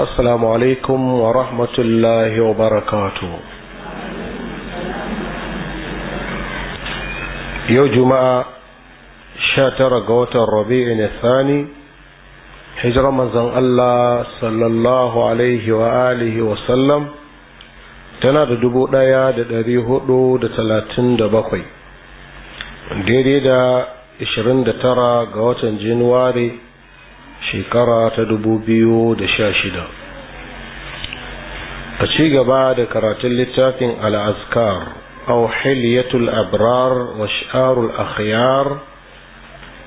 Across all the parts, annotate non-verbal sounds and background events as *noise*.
Asalamu alaikum wa rahmatullahi wa barakatu. yau Juma'a sha tara ga watan Rabi'u ya Sani Tana shirya allah dama da iskar da dama da iskar da yi magana da shi da zama aiki aiki aiki aiki aiki aiki aiki aiki aiki aiki shekara ta dubu biyu da sha shida a ci gaba da karatun littafin al'azkar au hilyatul abrar wa sha'arul akhyar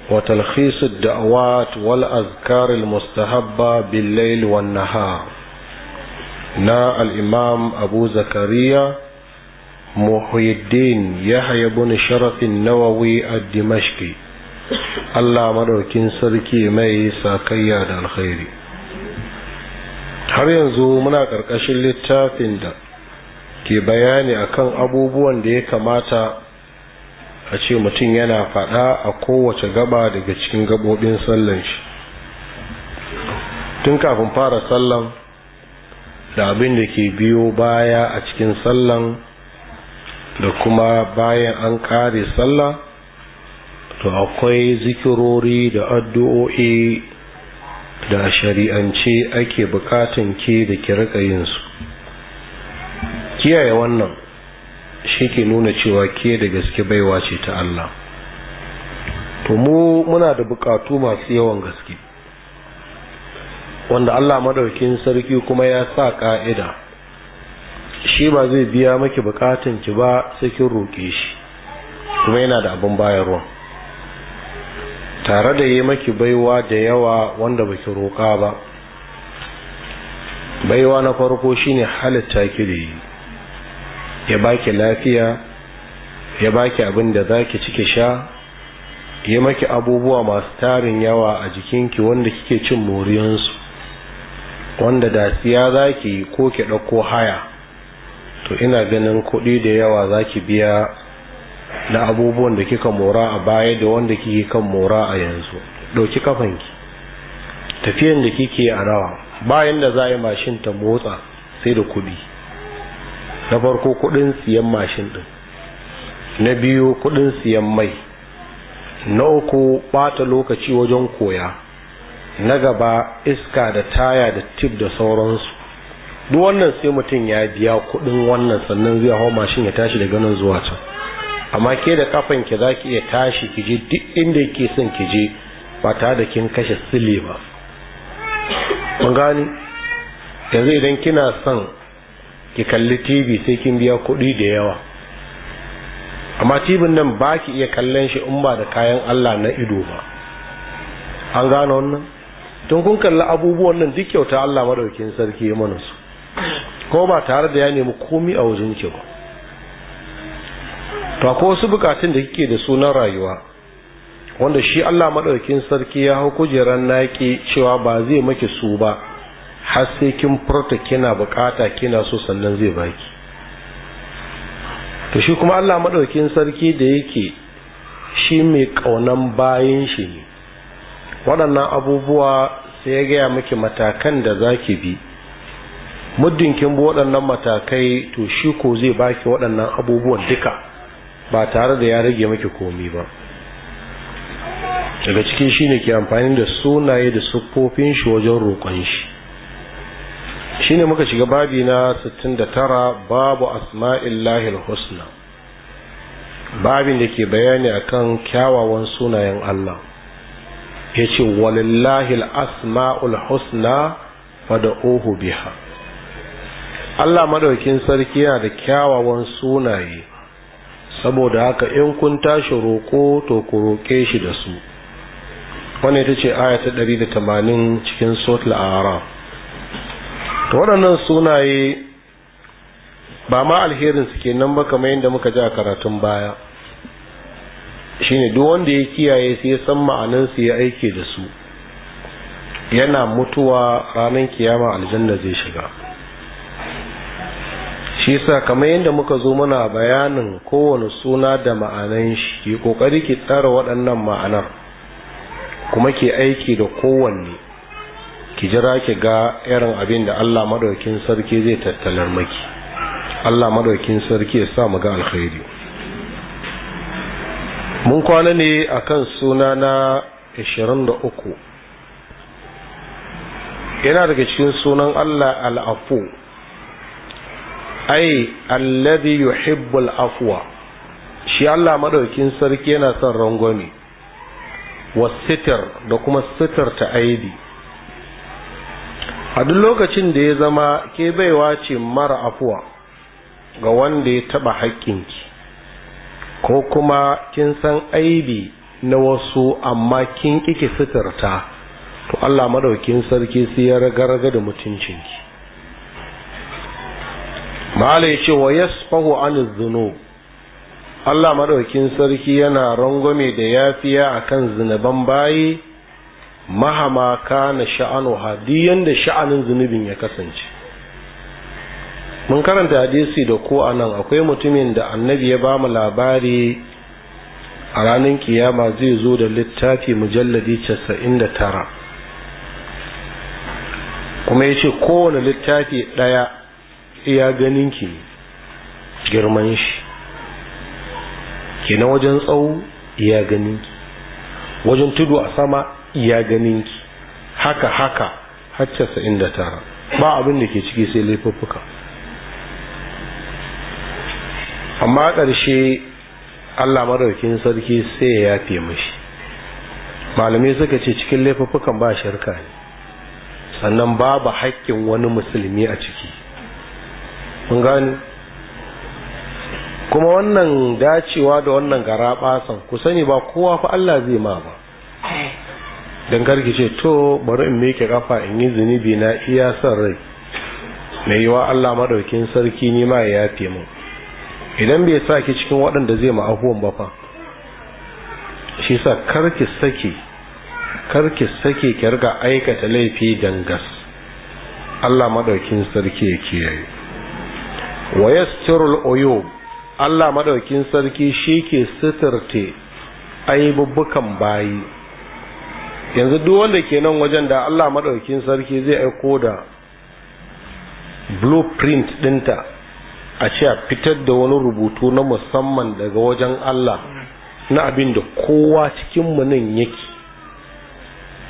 wa talkhisud da'awat wal azkaril mustahabba bil lail wan nahar na al'imam abu zakariya muhyiddin yahya bin sharafin nawawi a dimashki Allah maɗaukin sarki mai sakayya da alkhairi har yanzu muna ƙarƙashin littafin da ke bayani akan abubuwan da ya kamata a ce mutum yana faɗa a kowace gaba daga cikin gabobin sallan shi tun kafin fara sallan da abin da ke biyo baya a cikin sallan da kuma bayan an ƙare sallah to akwai zikirori da addu'o'i da shari'ance ake bukatan ke da kirka su kiyaye wannan shi ke nuna cewa ke da gaske baiwa ce ta Allah to mu muna da bukatu masu yawan gaske wanda Allah madaukin sarki kuma ya sa ka'ida shi ba zai biya maki bukatan ki ba sai kin roƙe shi kuma yana da abin bayarwa tare da yi maki baiwa da yawa wanda baki roƙa ba baiwa na farko shine halitta ki da yi ya baki lafiya ya baki abin da zaki cike sha ya maki abubuwa masu tarin yawa a jikinki wanda kike cin moriyansu wanda da siya zaki ko ki ɗauko haya to ina ganin kuɗi da yawa zaki biya na abubuwan da kika mora a baya da wanda kike kan mora a yanzu ɗauki kafanki tafiyan da kike a rawa bayan da za a yi mashin ta motsa sai da kuɗi na farko kuɗin siyan mashin ɗin na biyu kuɗin siyan mai na uku ɓata lokaci wajen koya na gaba iska da taya da tip da sauransu duk wannan sai mutum ya biya kuɗin wannan sannan zai hau mashin ya tashi daga nan zuwa can amma ke da kafan ki za ki iya tashi ki je duk inda yake son ki je ba tare da kin kashe sile ba Mun gani yanzu idan kina son ki kalli tv sai kin biya kuɗi da yawa amma tibin nan ba ki iya kallon shi in ba da kayan allah na ido ba an gano wannan tun kun kalli abubuwan nan duk kyauta allah maɗaukin sarki ya mana su ko ba tare da ya nemi komi a wajen ki ba to akwai wasu bukatun da kike da sunan rayuwa wanda shi Allah madaukakin sarki ya hau kujeran naki cewa ba zai maki su ba har sai kin furta kina bukata kina so sannan zai baki to shi kuma Allah madaukakin sarki da yake shi mai kaunan bayan shi ne waɗannan abubuwa sai ya gaya miki matakan da za ki bi muddin kin bi waɗannan matakai to shi ko zai baki waɗannan abubuwan duka ba tare da ya rage maki komi ba daga cikin shi ne ke amfani da sunaye da siffofin shi wajen roƙon shi shi ne muka shiga babi na 69 babu asma'illahil husna babin da ke bayani akan kyawawan sunayen Allah ya ce walillahil asma'ul husna ohu biha Allah madaukin sarki yana da kyawawan sunaye saboda haka in kun tashi roƙo to ku roƙe shi da su wannan ita ce aya ta 180 cikin sotul araf to waɗannan sunaye ba ma alherin su kenan ba kamar yadda muka ji a karatun baya shine duk wanda ya kiyaye sai ya san ma'anin su ya aike da su yana mutuwa ranar kiyama aljanna zai shiga shi sa kamar yadda muka zo muna bayanin kowane suna da ma'anan shi ki kokari ki tsara waɗannan ma'anar kuma ke aiki da kowanne ki jira ki ga irin abin da Allah madaukin sarki zai tattalar maki Allah madaukin sarki ya sa mu ga alkhairi mun kwana ne akan suna na 23 yana daga cikin sunan Allah al'afu ai alladhi yuhibbul afwa shi Allah madaukin sarki yana son rangwame wasitar da kuma sitar ta aidi a duk lokacin da ya zama ke baiwa ce mara afuwa ga wanda ya taba ki, ko kuma kin san aibi na wasu amma kin kike sitarta to Allah madaukin sarki sai ya ragarga da mutuncinki mala ya ce wa yasfahu an zunub Allah maɗaukin sarki yana rangwame da yafiya a kan zunuban bayi mahamaka na sha'anu hadiyan da sha'anin zunubin ya kasance mun karanta hadisi da ko anan akwai mutumin da annabi ya bamu labari a ranar kiyama zai zo da littafi mujalladi casa'in da tara kuma ya ce kowane littafi ɗaya iya ganin ki girman shi kenan wajen tsawo iya ganin ki wajen tudu a sama iya ganin ki haka haka har casa'in da tara ba abin da ke ciki sai laifuffuka amma ƙarshe allah madaukin sarki sai ya yafe mashi malamai suka ce cikin laifuffukan ba shirka ne sannan babu haƙƙin wani musulmi a ciki mun gani kuma wannan dacewa da wannan gara basan ku sani ba kowa fa Allah zai ma ba dan gargice to bari in meke kafa in yi zunubi na iya son rai mai yiwa Allah madaukin sarki ni ma ya yafe mu idan bai sa ki cikin waɗanda zai ma ba fa shi sa karki sake karki sake ki riga aikata laifi dangas Allah madaukin sarki ya kiyaye wa yastirul uyub Allah madaukin sarki shi ke sitirte aibubbukan bayi yanzu duk wanda ke nan wajen da Allah madaukin sarki zai aiko da blueprint dinta a ce a fitar da wani rubutu na musamman daga wajen Allah na abin da kowa cikin mu nan yake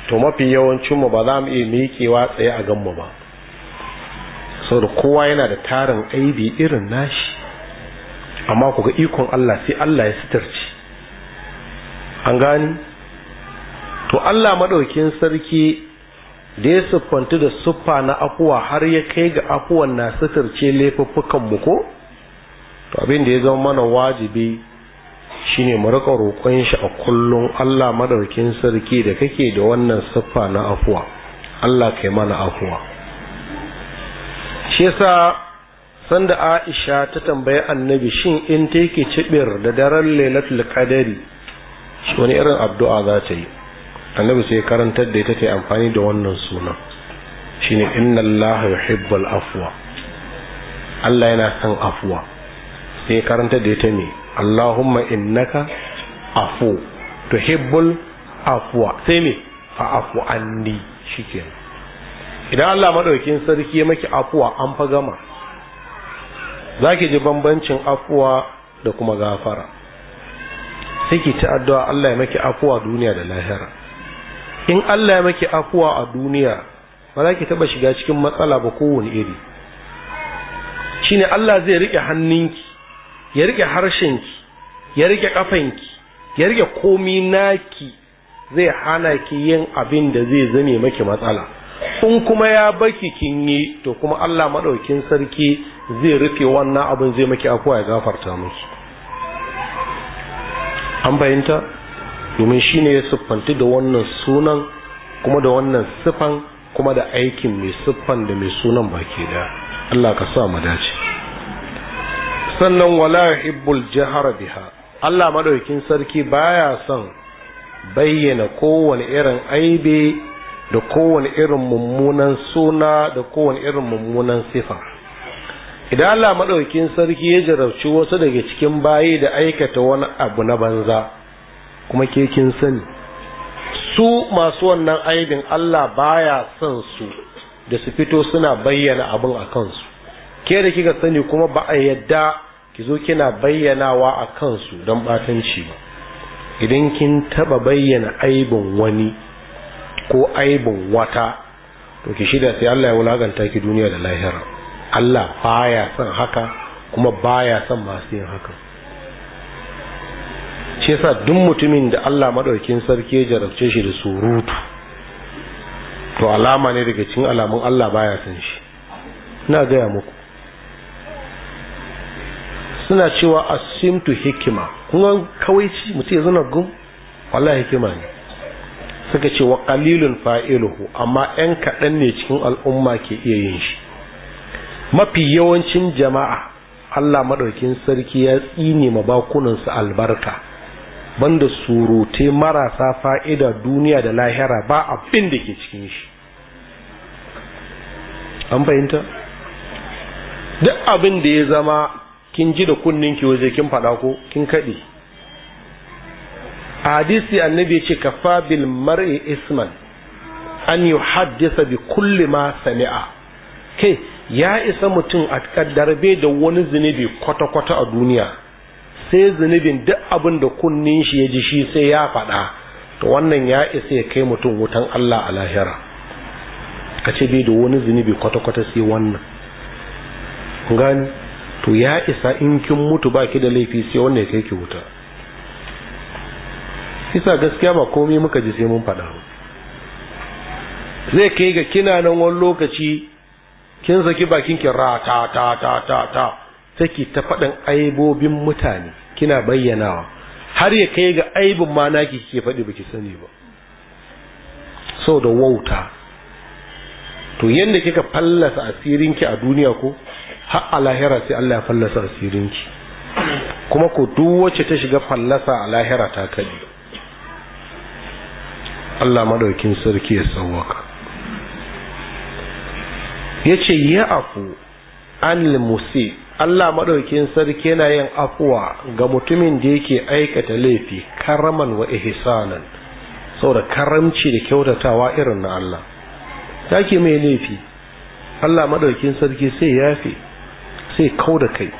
to mafi yawancin mu ba za mu iya miƙewa tsaye a ganmu ba saboda kowa yana da tarin aibi irin nashi amma ku ikon Allah sai Allah ya sitarci an gani to Allah maɗaukin sarki da ya siffanta da siffa na afuwa har ya kai ga afuwan na sitarce laifuffukan mu ko to abin da ya zama mana wajibi shine mu rika roƙon shi a kullum Allah maɗaukin sarki da kake da wannan siffa na afuwa Allah kai mana afuwa shi yasa sanda Aisha ta tambayi Annabi shin in ta yake cibir da daren Lailatul Qadari wani irin addu'a za ta yi Annabi sai karantar da ita ta amfani da wannan suna shine inna Allah yuhibbul afwa Allah yana son afwa sai karanta da ita ne Allahumma innaka afu tuhibbul afwa sai me fa afu anni shikenan idan Allah maɗaukin sarki ya maki afuwa an fa gama zaki ji bambancin afuwa da kuma gafara sai ki ta addu'a Allah ya maki afuwa duniya da lahira in Allah ya maki afuwa a duniya ba za ki taba shiga cikin matsala ba kowane iri shine Allah zai rike hannunki ya rike harshenki ya rike kafanki ya rike komi naki zai hana ki yin abin da zai zame maki matsala in kuma ya baki kin yi to kuma Allah maɗaukin sarki zai rufe wannan abin zai maki afuwa ya gafarta miki an bayanta domin shine ya siffanti da wannan sunan kuma da wannan siffan kuma da aikin mai siffan da mai sunan baki da Allah ka sa mu dace sannan wala hibbul jahra biha Allah madaukin sarki baya son bayyana kowane irin aibe da kowane irin mummunan suna da kowane irin mummunan sifa idan Allah sarki ya jarabci wasu daga cikin bayi da aikata wani abu na banza kuma ke kin sani su masu wannan aibin Allah baya son su da su fito suna bayyana abin a kansu ke da kika sani kuma ba a yadda ki zo kina bayyanawa a kansu don batanci ba idan kin taɓa bayyana aibin wani ko aibin wata to ki shida sai Allah ya wulaganta ki duniya da lahira Allah baya son haka kuma baya son masu yin haka shi yasa duk mutumin da Allah madaukin sarki ya jarabce shi da surutu to alama ne daga cikin alamun Allah baya son shi ina gaya muku suna cewa asimtu hikima kun kawai mutum ya zana gum wallahi hikima ne suka ce wa qalilun fa'iluhu amma ɗan kaɗan ne cikin al'umma ke iya yin shi mafi yawancin jama'a Allah maɗaukin sarki ya tsine ma bakunansu albarka banda surute marasa fa'ida duniya da lahira ba abin da ke cikin shi an fahimta duk abin da ya zama kin ji da kunninki waje kin faɗa ko kin kaɗe hadisi annabi ce kafa bil mar'i isman an yuhaddisa bi kulli ma sami'a ke ya isa mutum a kaddarbe da wani zunubi kwata-kwata a duniya sai zunubin duk abin da kunnin shi ya ji shi sai ya faɗa to wannan ya isa ya kai mutum wutan Allah a lahira ce bai da wani zunubi kwata-kwata sai wannan gani to ya isa in kin mutu baki da laifi sai wannan ya kai ki wuta Kisa gaskiya ba komai muka ji sai mun faɗa ba. zai kai ga kina nan wani lokaci kin saki bakin ki ra ta ta ta ta ta take ta faɗin aibobin mutane kina bayyanawa har ya kai ga aibin ma naki kike faɗi baki sani ba so da wauta to yanda kika fallasa asirinki a duniya ko har a lahira sai Allah ya fallasa asirinki kuma ko duk wacce ta shiga fallasa a lahira ta kadi Allah madaukin sarki ya sauwaka yace ya afu an limusi Allah madaukin sarki yana yin afuwa ga mutumin da yake aikata laifi karaman wa ihsanan saboda karamci da kyautatawa irin na Allah take mai laifi Allah madaukin sarki sai ya fi, sai kau da kai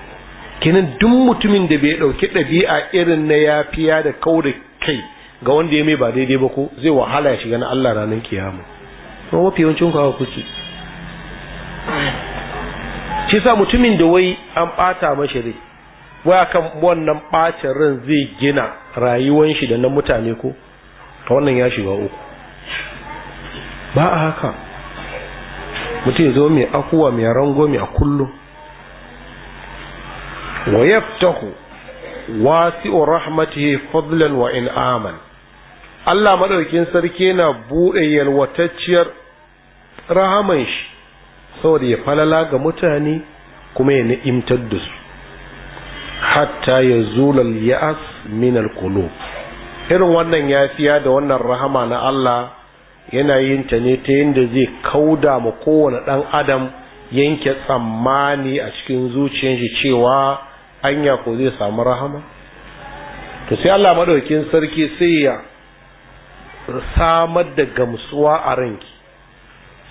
kenan duk mutumin da bai dauki dabi'a irin na yafiya da kau da kai ga wanda ya mai ba daidai ba ko zai wahala ya shiga na Allah ranar kiyama Kuma mafi yawancin kawo kuke shi sa mutumin da wai an bata mashi rai wai akan wannan bacin ran zai gina rayuwan shi da na mutane ko ta wannan ya shiga uku ba a haka mutum ya zo mai akuwa mai rango mai a kullum wa yaftahu wasi'u rahmatihi fadlan wa in'aman Allah maɗaukin sarki yana buɗe yalwatacciyar rahaman shi saboda ya falala ga mutane kuma ya ni'imtar da su hatta ya zulal ya'as min al-qulub irin wannan yafiya da wannan rahama na Allah yana yin ta ne ta yinda zai kauda ma kowane ɗan adam yanke tsammani a cikin zuciyar shi cewa anya ko zai samu rahama to sai Allah maɗaukin sarki sai ya samar da gamsuwa a ranki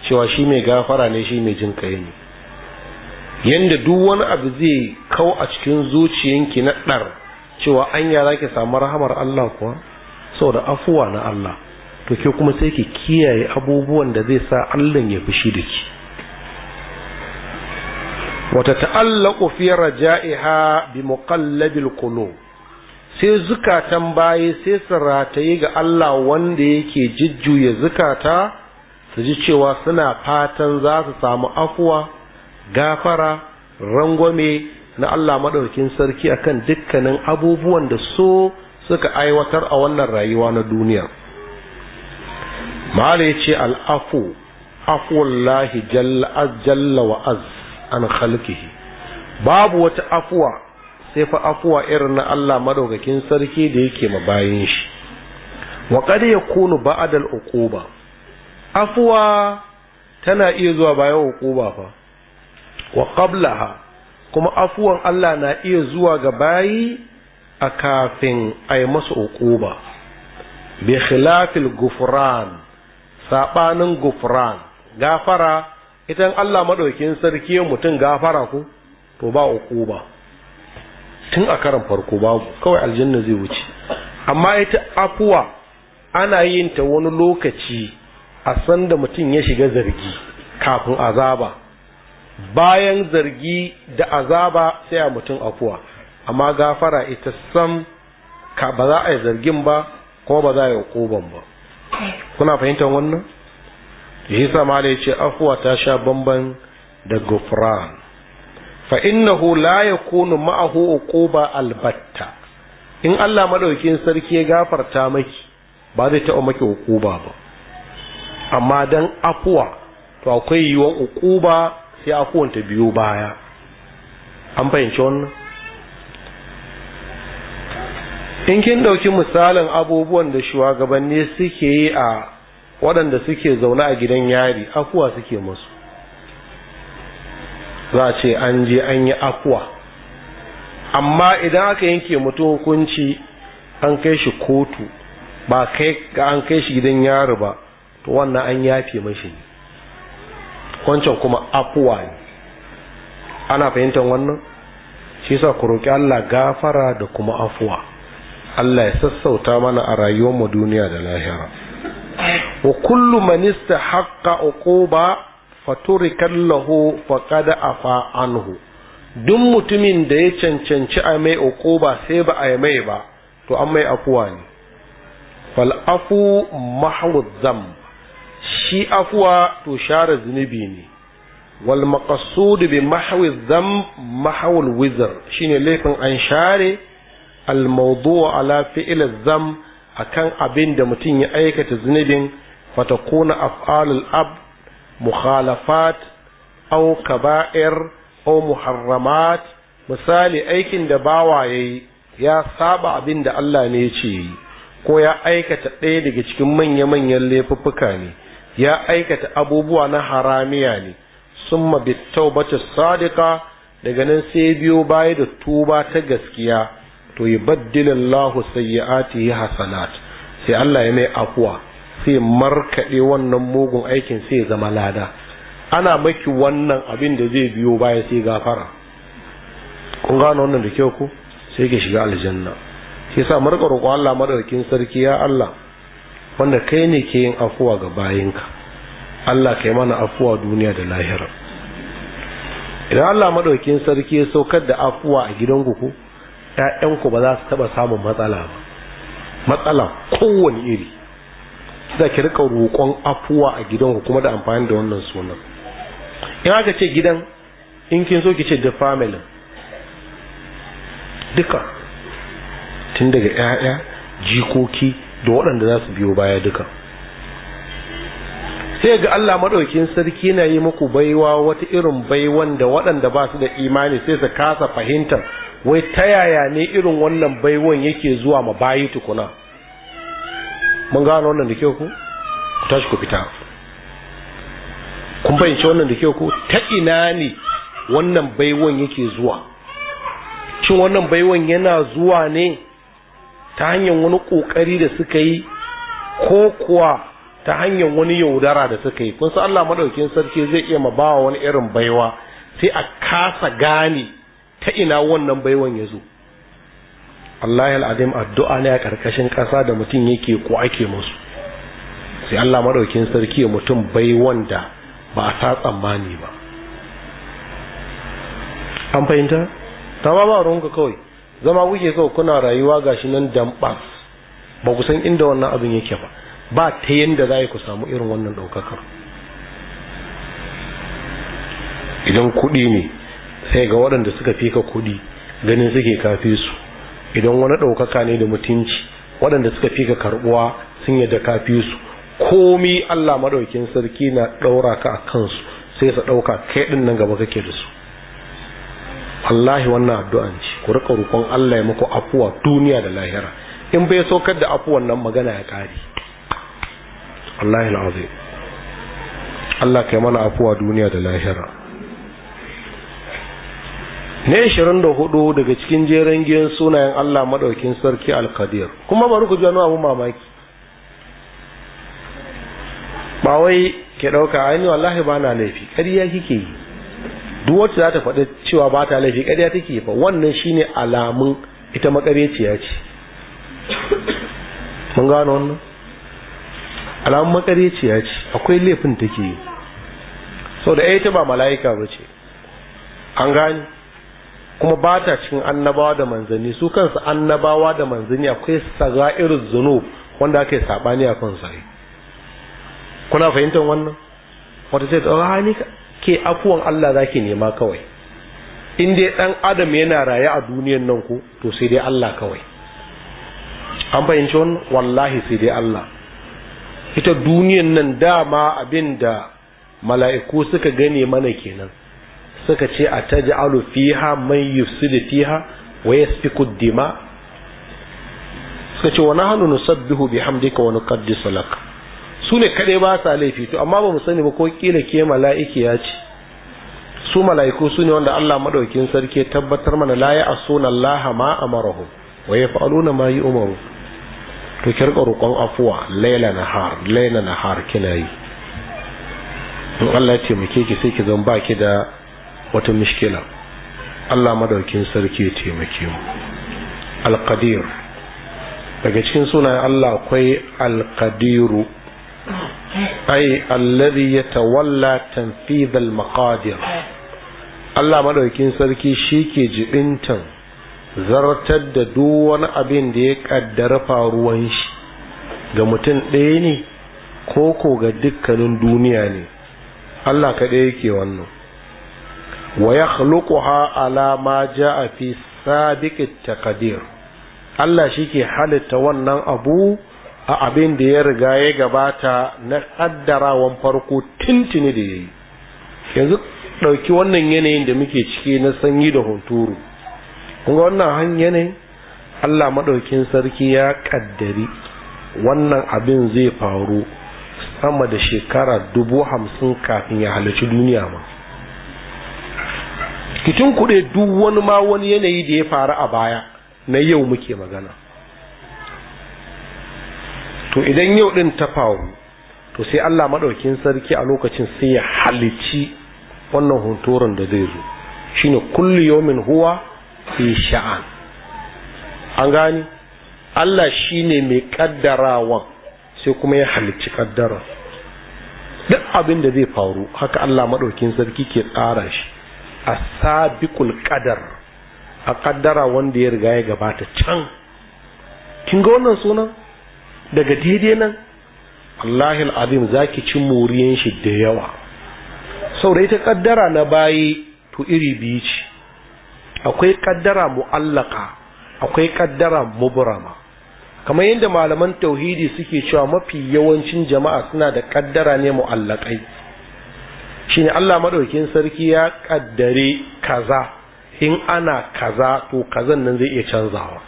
cewa shi mai gafara ne shi mai jin kai ne Yadda duk wani abu zai kau a cikin zuciyanki na ɗar cewa anya za ki samu rahamar Allah kuwa saboda afuwa na Allah to ke kuma sai ki kiyaye abubuwan da zai sa Allah ya fi shi da ki wata ta'allaqu fi raja'iha bi muqallabil qulub sai zukatan baye sai su rataye ga Allah wanda yake jujjuya zukata su ji cewa suna fatan za su samu afuwa gafara rangwame na Allah maɗaukin sarki akan dukkanin abubuwan da so suka aiwatar a wannan rayuwa na duniya mala ya ce al'afu afuwallahi jalla wa'az an khalqihi babu wata afuwa sai fa afuwa irin na Allah madaukakin sarki da yake ma bayin shi wa qad yakunu ba'da al-uquba afuwa tana iya zuwa bayan uquba fa wa qablaha kuma afuwan Allah na iya zuwa ga bayi a kafin a yi masa uquba bi khilafil gufran sabanin gufran gafara idan Allah madaukakin sarki mutum gafara ku to ba uquba tun a karan farko babu kawai aljanna zai wuce amma ita afuwa ana yin ta wani lokaci a sanda mutum ya shiga zargi kafin azaba bayan zargi da azaba sai a mutum afuwa amma gafara ita sam ka ba za a yi zargin ba kuma ba za a yi koban ba kuna fahimtar wannan yi sama mala ya ce afuwa ta sha bamban da gufran fa innahu la yakunu ma'ahu uquba albatta in Allah madaukin sarki ya gafarta maki ba zai taɓa maki uquba ba amma dan afuwa to akwai yiwuwar uquba sai afuwan ta biyo baya an fahimci wannan in kin ɗauki misalin abubuwan da shugabanni suke yi a waɗanda suke zaune a gidan yari afuwa suke musu za ce an je an yi akuwa amma idan aka yanke mutum hukunci an kai shi kotu ba kai ga an kai shi gidan yaro ba to wannan an yafe mashi kwancan kuma afuwa ne ana fahimtar wannan shi sa ku roƙi Allah gafara da kuma afuwa Allah ya sassauta mana a rayuwar mu duniya da lahira wa kullu man istahaqqa uquba faturikan lahu faqad afa anhu duk mutumin da ya cancanci a mai ba sai ba a yi mai ba to an mai afuwa ne fal'afu zam shi afuwa to share zunubi ne wal maqasud bi zam mahawul wizr shine laifin an share al ala fi'l zam akan abin da mutum ya aikata zunubin fatakuna af'alul abd mukhalafat au kaba'ir au muharramat misali aikin da bawa yayi ya saba abin da Allah ne ya ce yi ko ya aikata ɗaya daga cikin manya-manyan laifuffuka ne ya aikata abubuwa na haramiya ne summa bitaubatu sadiqa daga nan sai biyo baya da tuba ta gaskiya to yubaddilillahu sayyi'atihi hasanat sai Allah ya mai afuwa sai markaɗe wannan mugun aikin sai zama lada ana maki wannan abin da zai biyo baya sai gafara kun gano wannan da kyau ku sai ke shiga aljanna sai sa marka roƙo Allah madarkin sarki ya Allah wanda kai ne ke yin afuwa ga bayinka Allah kai mana afuwa duniya da lahira idan Allah madarkin sarki ya saukar da afuwa a gidanku ku ƴaƴanku ba za su taɓa samun matsala ba matsala kowane iri da ki rika roƙon afuwa a gidan ku kuma da amfani da wannan sunan in aka ce gidan in kin so ki ce the family duka tun daga 'ya'ya jikoki da waɗanda za su biyo baya duka sai ga Allah maɗaukin sarki na yi muku baiwa wata irin baiwan da waɗanda ba su da imani sai su kasa fahimtar wai ta yaya ne irin wannan baiwan yake zuwa ma bayi tukuna mun gano wannan da kyau ku ku tashi ku fita kun fahimci wannan da kyau ku ta ina ne wannan baiwan yake zuwa shin wannan baiwan yana zuwa ne ta hanyar wani kokari da suka yi ko kuwa ta hanyar wani yaudara da suka yi kun san Allah madaukakin sarki zai iya ma wani irin baiwa sai a kasa gane ta ina wannan baiwan ya zo wallahi al'adim addu'a ne a karkashin ƙasa da mutum yake ko ake musu sai Allah madaukin sarki ya mutum bai wanda ba a sa tsammani ba an fahimta ta ba ba kawai zama kuke so kuna rayuwa gashi nan dambas ba ku san inda wannan abin yake ba ba ta yadda za ku samu irin wannan ɗaukakar idan kuɗi ne sai ga waɗanda suka fika ka kuɗi ganin suke kafe su idan wani ɗaukaka ne da mutunci waɗanda suka fi ka karɓuwa sun yadda ka fi su komi Allah maɗaukin sarki na ɗaura ka a kansu sai sa ɗauka kai ɗin nan gaba kake da su wallahi wannan addu'an ce ku rika rukon Allah ya muku afuwa duniya da lahira in bai saukar da afuwan nan magana ya ƙare wallahi alazim Allah kai mana afuwa duniya da lahira ne 24 daga cikin jeren giyan sunayen Allah maɗaukin sarki al-Qadir kuma bari ku ji wani abu mamaki ba wai ke dauka ainihin wallahi ba na laifi ƙarya kike yi duk wacce za ta faɗi cewa ba ta laifi ƙarya take fa wannan shine alamun ita maƙarya ce mun gano wannan alamun maƙarya ce akwai laifin take yi sau da ita ba mala'ika ba ce an gani kuma ba ta cikin annabawa da manzanni su kansu annabawa da manzanni akwai saga'irul zunub wanda aka yi sabani a kan sai kuna fahimtar wannan wata sai tsara ah, ni ke afuwan Allah zaki nema kawai in dai dan adam yana raye a duniyar nan ko to sai dai Allah kawai an fahimci wannan wallahi sai dai Allah ita duniyar nan dama abin da mala'iku suka gane mana kenan suka ce a taj'alu fiha man yufsidu fiha wa fi dima suka ce wa nahnu nusabbihu bihamdika wa nuqaddisu lak su ne kadai ba sa laifi to amma ba mu sani ba ko kila ke mala'iki ya ce su mala'iku su ne wanda Allah madaukin sarki ya tabbatar mana la ya asuna Allah ma amarahum wa yaf'aluna ma yu'maru to kirka roƙon afuwa laila nahar laila nahar kina yi in Allah ya ce ki sai ki zan baki da wata mishkila Allah madaukin sarki ya taimake mu Al-Qadir daga cikin sunayen Allah akwai Al-Qadiru ai alladhi yatawalla tanfidh al-maqadir Allah madaukin sarki shi ke jibintan zartar da duk wani abin da ya kaddara faruwan shi ga mutum ɗaya ne ko ko ga dukkanin duniya ne Allah kaɗai yake wannan wa yakhluquha ala ma jaa fi sabiqit taqdir Allah shike halitta wannan abu a abin da ya riga ya gabata na kaddarawan farko tintini da yayi yanzu dauki wannan yanayin da muke ciki na sanyi da hunturu kun ga wannan hanya ne Allah madaukin sarki ya kaddari wannan abin zai faru sama da shekara dubu hamsin kafin ya halarci duniya ma rikicin kuɗe duk wani ma wani yanayi da ya faru a baya na yau muke magana to idan yau ɗin ta faru to sai Allah maɗaukin sarki a lokacin sai ya halici wannan hunturan da zai zo shine kulli yawmin huwa fi sha'an an gani Allah shine mai kaddarawa sai kuma ya halici kaddara duk abin da zai faru haka Allah maɗaukin sarki ke tsara shi A asabiqul qadar a kaddara wanda ya riga ya gabata can kin ga wannan sunan daga daidai nan Allahil azim zaki ci moriyan shi da yawa saboda ita kaddara na bayi to iri biyu ce akwai kaddara mu'allaka akwai kaddara mubrama kamar yadda malaman tauhidi suke cewa mafi yawancin jama'a suna da kaddara ne mu'allakai shine Allah maɗaukin sarki ya kaddare kaza in ana kaza to kazan nan zai iya canzawa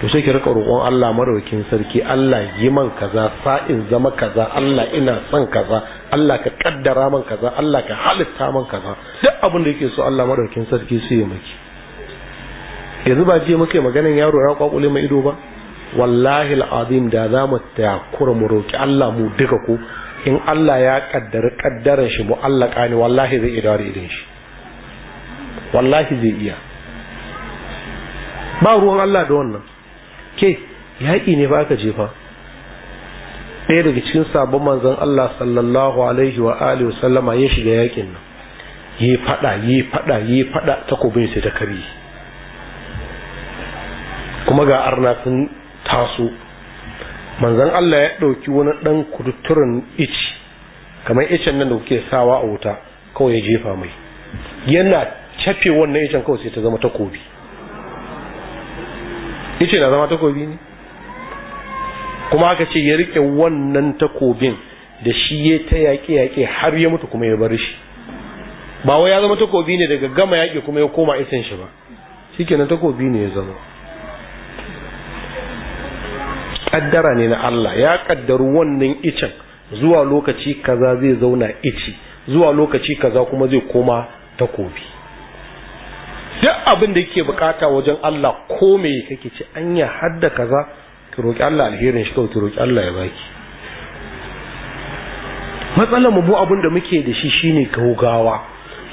to sai ki rika roƙon Allah maɗaukin sarki Allah yi man kaza sa'in zama kaza Allah ina son kaza Allah ka kaddara man kaza Allah ka halitta man kaza duk abin da yake so Allah maɗaukin sarki sai ya maki yanzu ba je muke maganan yaro ya kwakule mai ido ba wallahi al'azim da za mu takura mu roki Allah mu duka ko in Allah ya kaddara kaddaran shi mu'allaka ne wallahi zai iya irin shi wallahi zai iya ba ruwan Allah da wannan ke yaƙi ne ba aka jefa ɗaya daga cikin sabon manzon Allah sallallahu alaihi wa alihi sallama ya shiga yaƙin nan yi fada yi fada yi fada takobin sai ta kari kuma ga arna sun taso manzon Allah ya ɗauki wani ɗan kututturin ici kamar icen nan da kuke sawa a wuta kawai ya jefa mai yana cafe wannan icen kawai sai ta zama takobi ice na zama takobi ne kuma aka ce ya rike wannan takobin da shi ya ta yaƙe-yaƙe har ya mutu kuma ya bar shi ba wai ya zama takobi ne daga gama yaƙe kuma ya koma isin shi ba shikenan takobi ne ya zama kaddara ne na Allah ya kaddaru wannan icin zuwa lokaci kaza zai zauna ici zuwa lokaci kaza kuma zai koma takobi duk abin da yake bukata wajen Allah ko me kake ci an ya hadda kaza ki roki Allah alherin shi kawai ki roki Allah ya baki matsalar mu mu abin da muke da shi shine gaugawa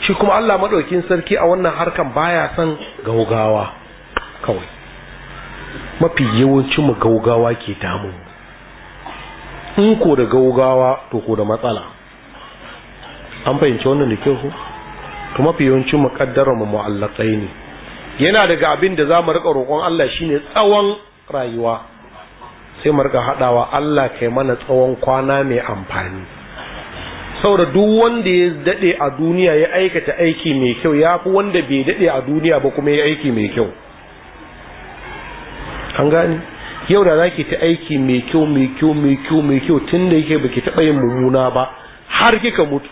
shi kuma Allah madaukin sarki a wannan harkan baya son gaugawa kawai mafi yawancin gaugawa ke damu, in ko da gaugawa to ko da matsala an fahimci wannan da kyau to mafi yawancin mu kaddara mu mu'allaqai ne yana daga abin da zamu rika roƙon Allah shine tsawon rayuwa sai mu rika hadawa Allah kai mana tsawon kwana mai amfani saboda duk wanda ya dade a duniya ya aikata aiki mai kyau yafi wanda bai dade a duniya ba kuma ya aiki mai kyau an gane yau da zaki ta aiki mai kyau mai kyau mai kyau mai kyau tun da yake baki taɓa yin mummuna ba har kika mutu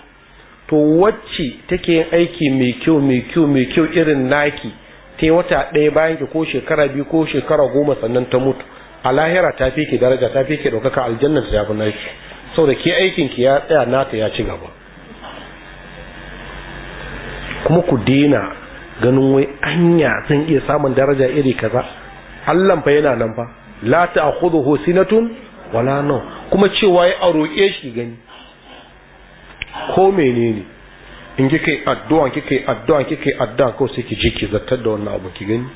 to wacce take yin aiki mai kyau mai kyau mai kyau irin naki ta yi wata ɗaya bayan ki ko shekara biyu ko shekara goma sannan ta mutu a lahira ta fi ki daraja ta fi ki ɗaukaka aljanna ta yafi naki saboda ke aikin ki ya tsaya nata ya ci gaba kuma ku daina ganin wai anya zan iya samun daraja iri kaza Allah fa yana nan fa la ta'khudhuhu sinatun wala naw kuma cewa ya aroke shi gani ko menene in kika kai addu'a kike kai addu'a kike kai addu'a ko sai ki je ki zartar da wannan abu ki gani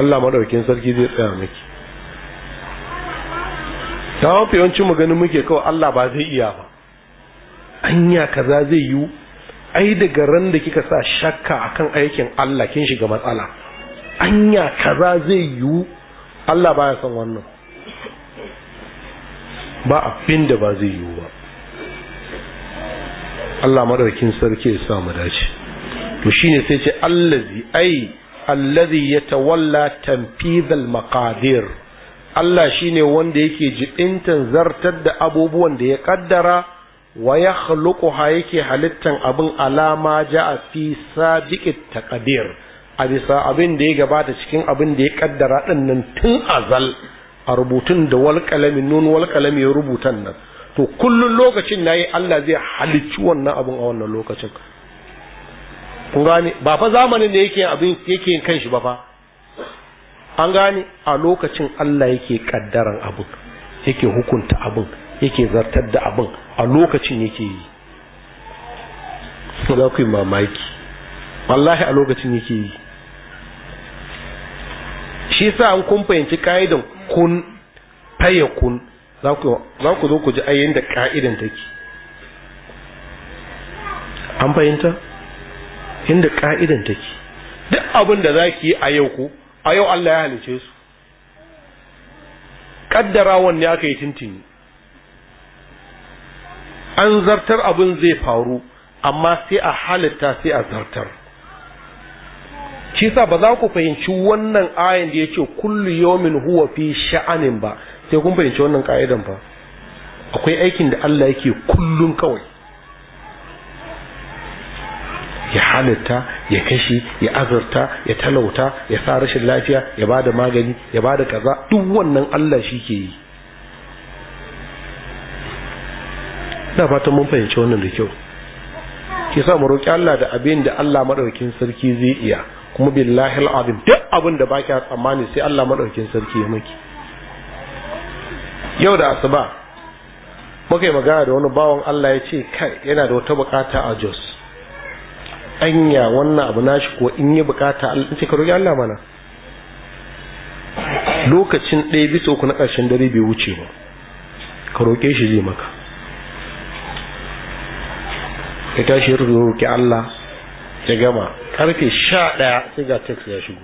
Allah madaukakin sarki zai tsaya miki ta fi yawancin mu ganin muke kawai Allah ba zai iya ba anya kaza zai yiwu ai daga ran da kika sa shakka akan aikin Allah kin shiga matsala anya kaza zai yiwu Allah baya son wannan ba abin da ba zai yiwu ba Allah madaukin sarki ya sa mu dace to shine sai ce allazi ai allazi yatawalla tanfidhal maqadir Allah shine wanda yake jibintan zartar da abubuwan da ya kaddara wa yakhluquha yake halittan abin alama ja'a fi sabiqit taqdir a bisa abin da ya gabata cikin abin da ya kaddara dinnan nan tun azal a rubutun da wal kalami nun wal kalami ya rubutan nan to kullun lokacin nayi Allah zai halicci wannan abin a wannan lokacin kun gane ba fa zamanin da yake abin yake yin kanshi ba fa an gane a lokacin Allah yake kaddaran abin yake hukunta abin yake zartar da abin a lokacin yake yi za ku mamaki wallahi a lokacin yake yi shi sa an kun fahimci ka'idan kun faya kun za ku zo ku ji ayyan da ka'idan take an fahimta inda ka'idan take duk abin da za ki yi a yau ku a yau Allah ya halice su kaddara wanne aka yi tintini an zartar abin zai faru amma sai a halitta sai a zartar shi sa ba za ku fahimci wannan ayan da ya ce kullu yawmin huwa fi sha'anin ba sai kun fahimci wannan ka'idan ba akwai aikin da Allah yake kullun kawai ya halitta ya kashi ya azurta ya talauta ya sa rashin lafiya ya ba da magani ya ba da kaza duk wannan Allah shi ke yi ina fatan mun fahimci wannan da kyau ke sa mu roƙi Allah da abin da Allah maɗaukin sarki zai iya kuma billahi al'azim duk abin da baki a tsammani sai Allah madaukin sarki ya maki yau da asuba muka yi magana da wani bawan Allah ya ce kai yana da wata bukata a Jos anya wannan abu nashi ko in yi bukata Allah ce ka roki Allah mana lokacin ɗaya bisa uku na ƙarshen dare bai wuce ba ka roƙe shi zai maka ya tashi ya roƙi Allah ta gama karfe sha ɗaya sai ga text ya shigo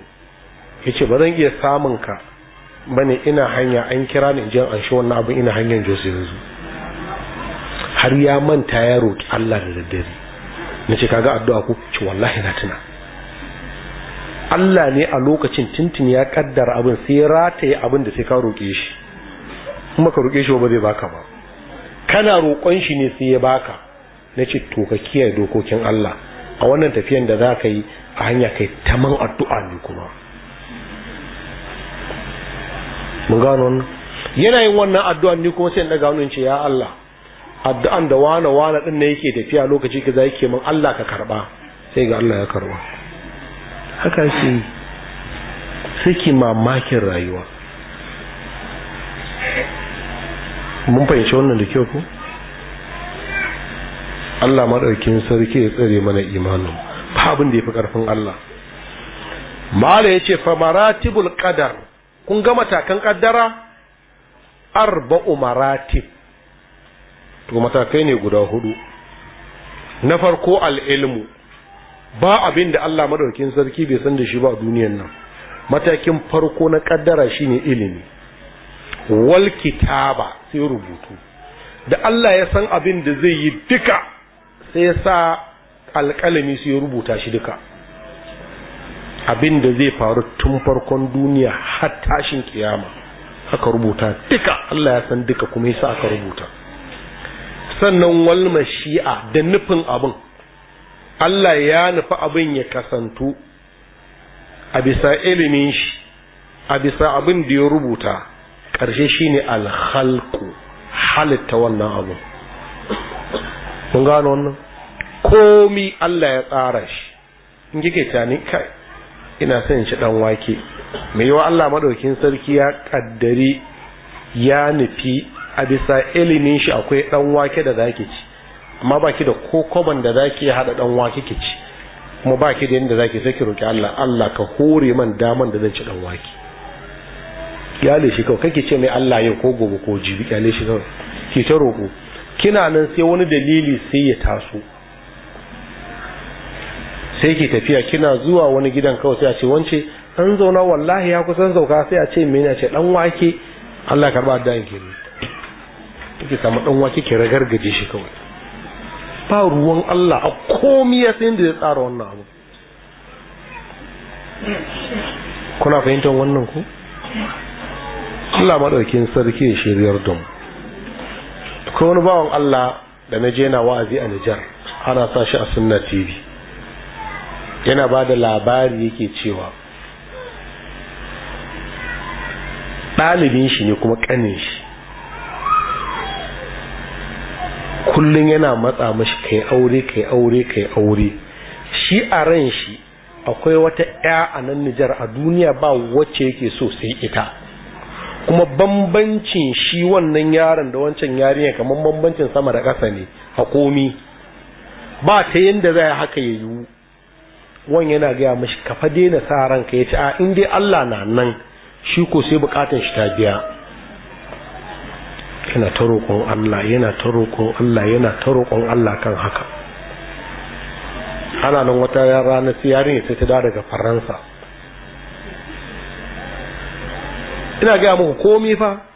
ya ce ba zan iya samun ka bane ina hanya an kira ni jan an shi wannan abin ina hanyar jose yanzu har ya manta ya roƙi Allah da daddare na ce kaga addu'a ko ci wallahi na tuna Allah ne a lokacin tintin ya kaddara abin sai ya rataye abin da sai ka roƙe shi kuma ka roƙe shi ba zai baka ba kana roƙon shi ne sai ya baka na ce to ka kiyaye dokokin Allah a wannan tafiyan da za ka yi a hanya kai taman addu'a ne kuma mun gano yana yin wannan addu'an ni kuma sai daga hannun ce ya Allah addu'an da wana wana ɗin ne yake tafiya lokaci za yake min Allah ka karba sai ga Allah ya karba haka shi suke mamakin rayuwa mun fahimci wannan da kyau ko Allah maɗaukin sarki ya tsare mana imanin ba abin da ya fi ƙarfin Allah mala yace ce maratibul ƙadar kun ga matakan ƙaddara arba'u maratib to matakai ne guda hudu na farko al'ilmu ba abin da Allah maɗaukin sarki bai san da shi ba a duniyan nan matakin farko na ƙaddara shine ilimi wal kitaba sai rubutu da Allah ya san abin da zai yi duka sai sa alƙalami su ya rubuta shi duka abinda zai faru tun farkon duniya har tashin kiyama aka rubuta duka Allah ya san duka kuma yasa aka rubuta sannan walma shi'a da nufin abin Allah ya nufi abin ya kasantu a bisa ilimin shi a bisa abin da ya rubuta ƙarshe shine alhalku halitta wannan abin mun gano wannan komi Allah ya tsara shi in kike tani kai ina son shi dan wake me yawa Allah madaukin sarki ya kaddari ya nufi a bisa ilimin shi akwai dan wake da zaki ci amma baki da kokoban da zaki hada dan wake ki ci kuma baki da yanda zaki saki roki Allah Allah ka hore man daman da zan ci dan wake kyale shi kawai kake ce mai Allah yau ko gobe ko jibi kyale shi kawai ki ta roko kina nan sai wani dalili sai ya taso sai ke tafiya kina zuwa wani gidan kawai sai a ce wance an zauna wallahi ya kusan sauka sai a ce mene ce dan wake Allah ka ba dan ki kike samu dan wake ki ragargaje shi kawai ba ruwan Allah a komai ya san da ya tsara wannan abu kuna fahimtar wannan ku Allah madaukin sarki ya shiryar da mu wani bawan Allah da na je na wa'azi a Nijar ana sa shi a Sunna TV yana ba da labari yake cewa ɗalibin shi ne kuma ƙanin shi kullum yana matsa mashi kai aure kai aure kai aure shi a ran shi akwai wata 'ya a nan nijar a duniya ba wacce yake so sai ita kuma bambancin shi wannan yaron da wancan yarinya kamar bambancin sama da ƙasa ne a komi ba ta yadda za haka ya yiwu Wani yana gaya mashi kafa fa daina sa ranka ya ce a inda Allah na nan shi ko sai bukatan shi ta biya yana ta roƙon Allah yana ta roƙon Allah yana ta roƙon Allah kan haka ana nan wata rana sai yarinya sai ta daga Faransa ina gaya muku komai fa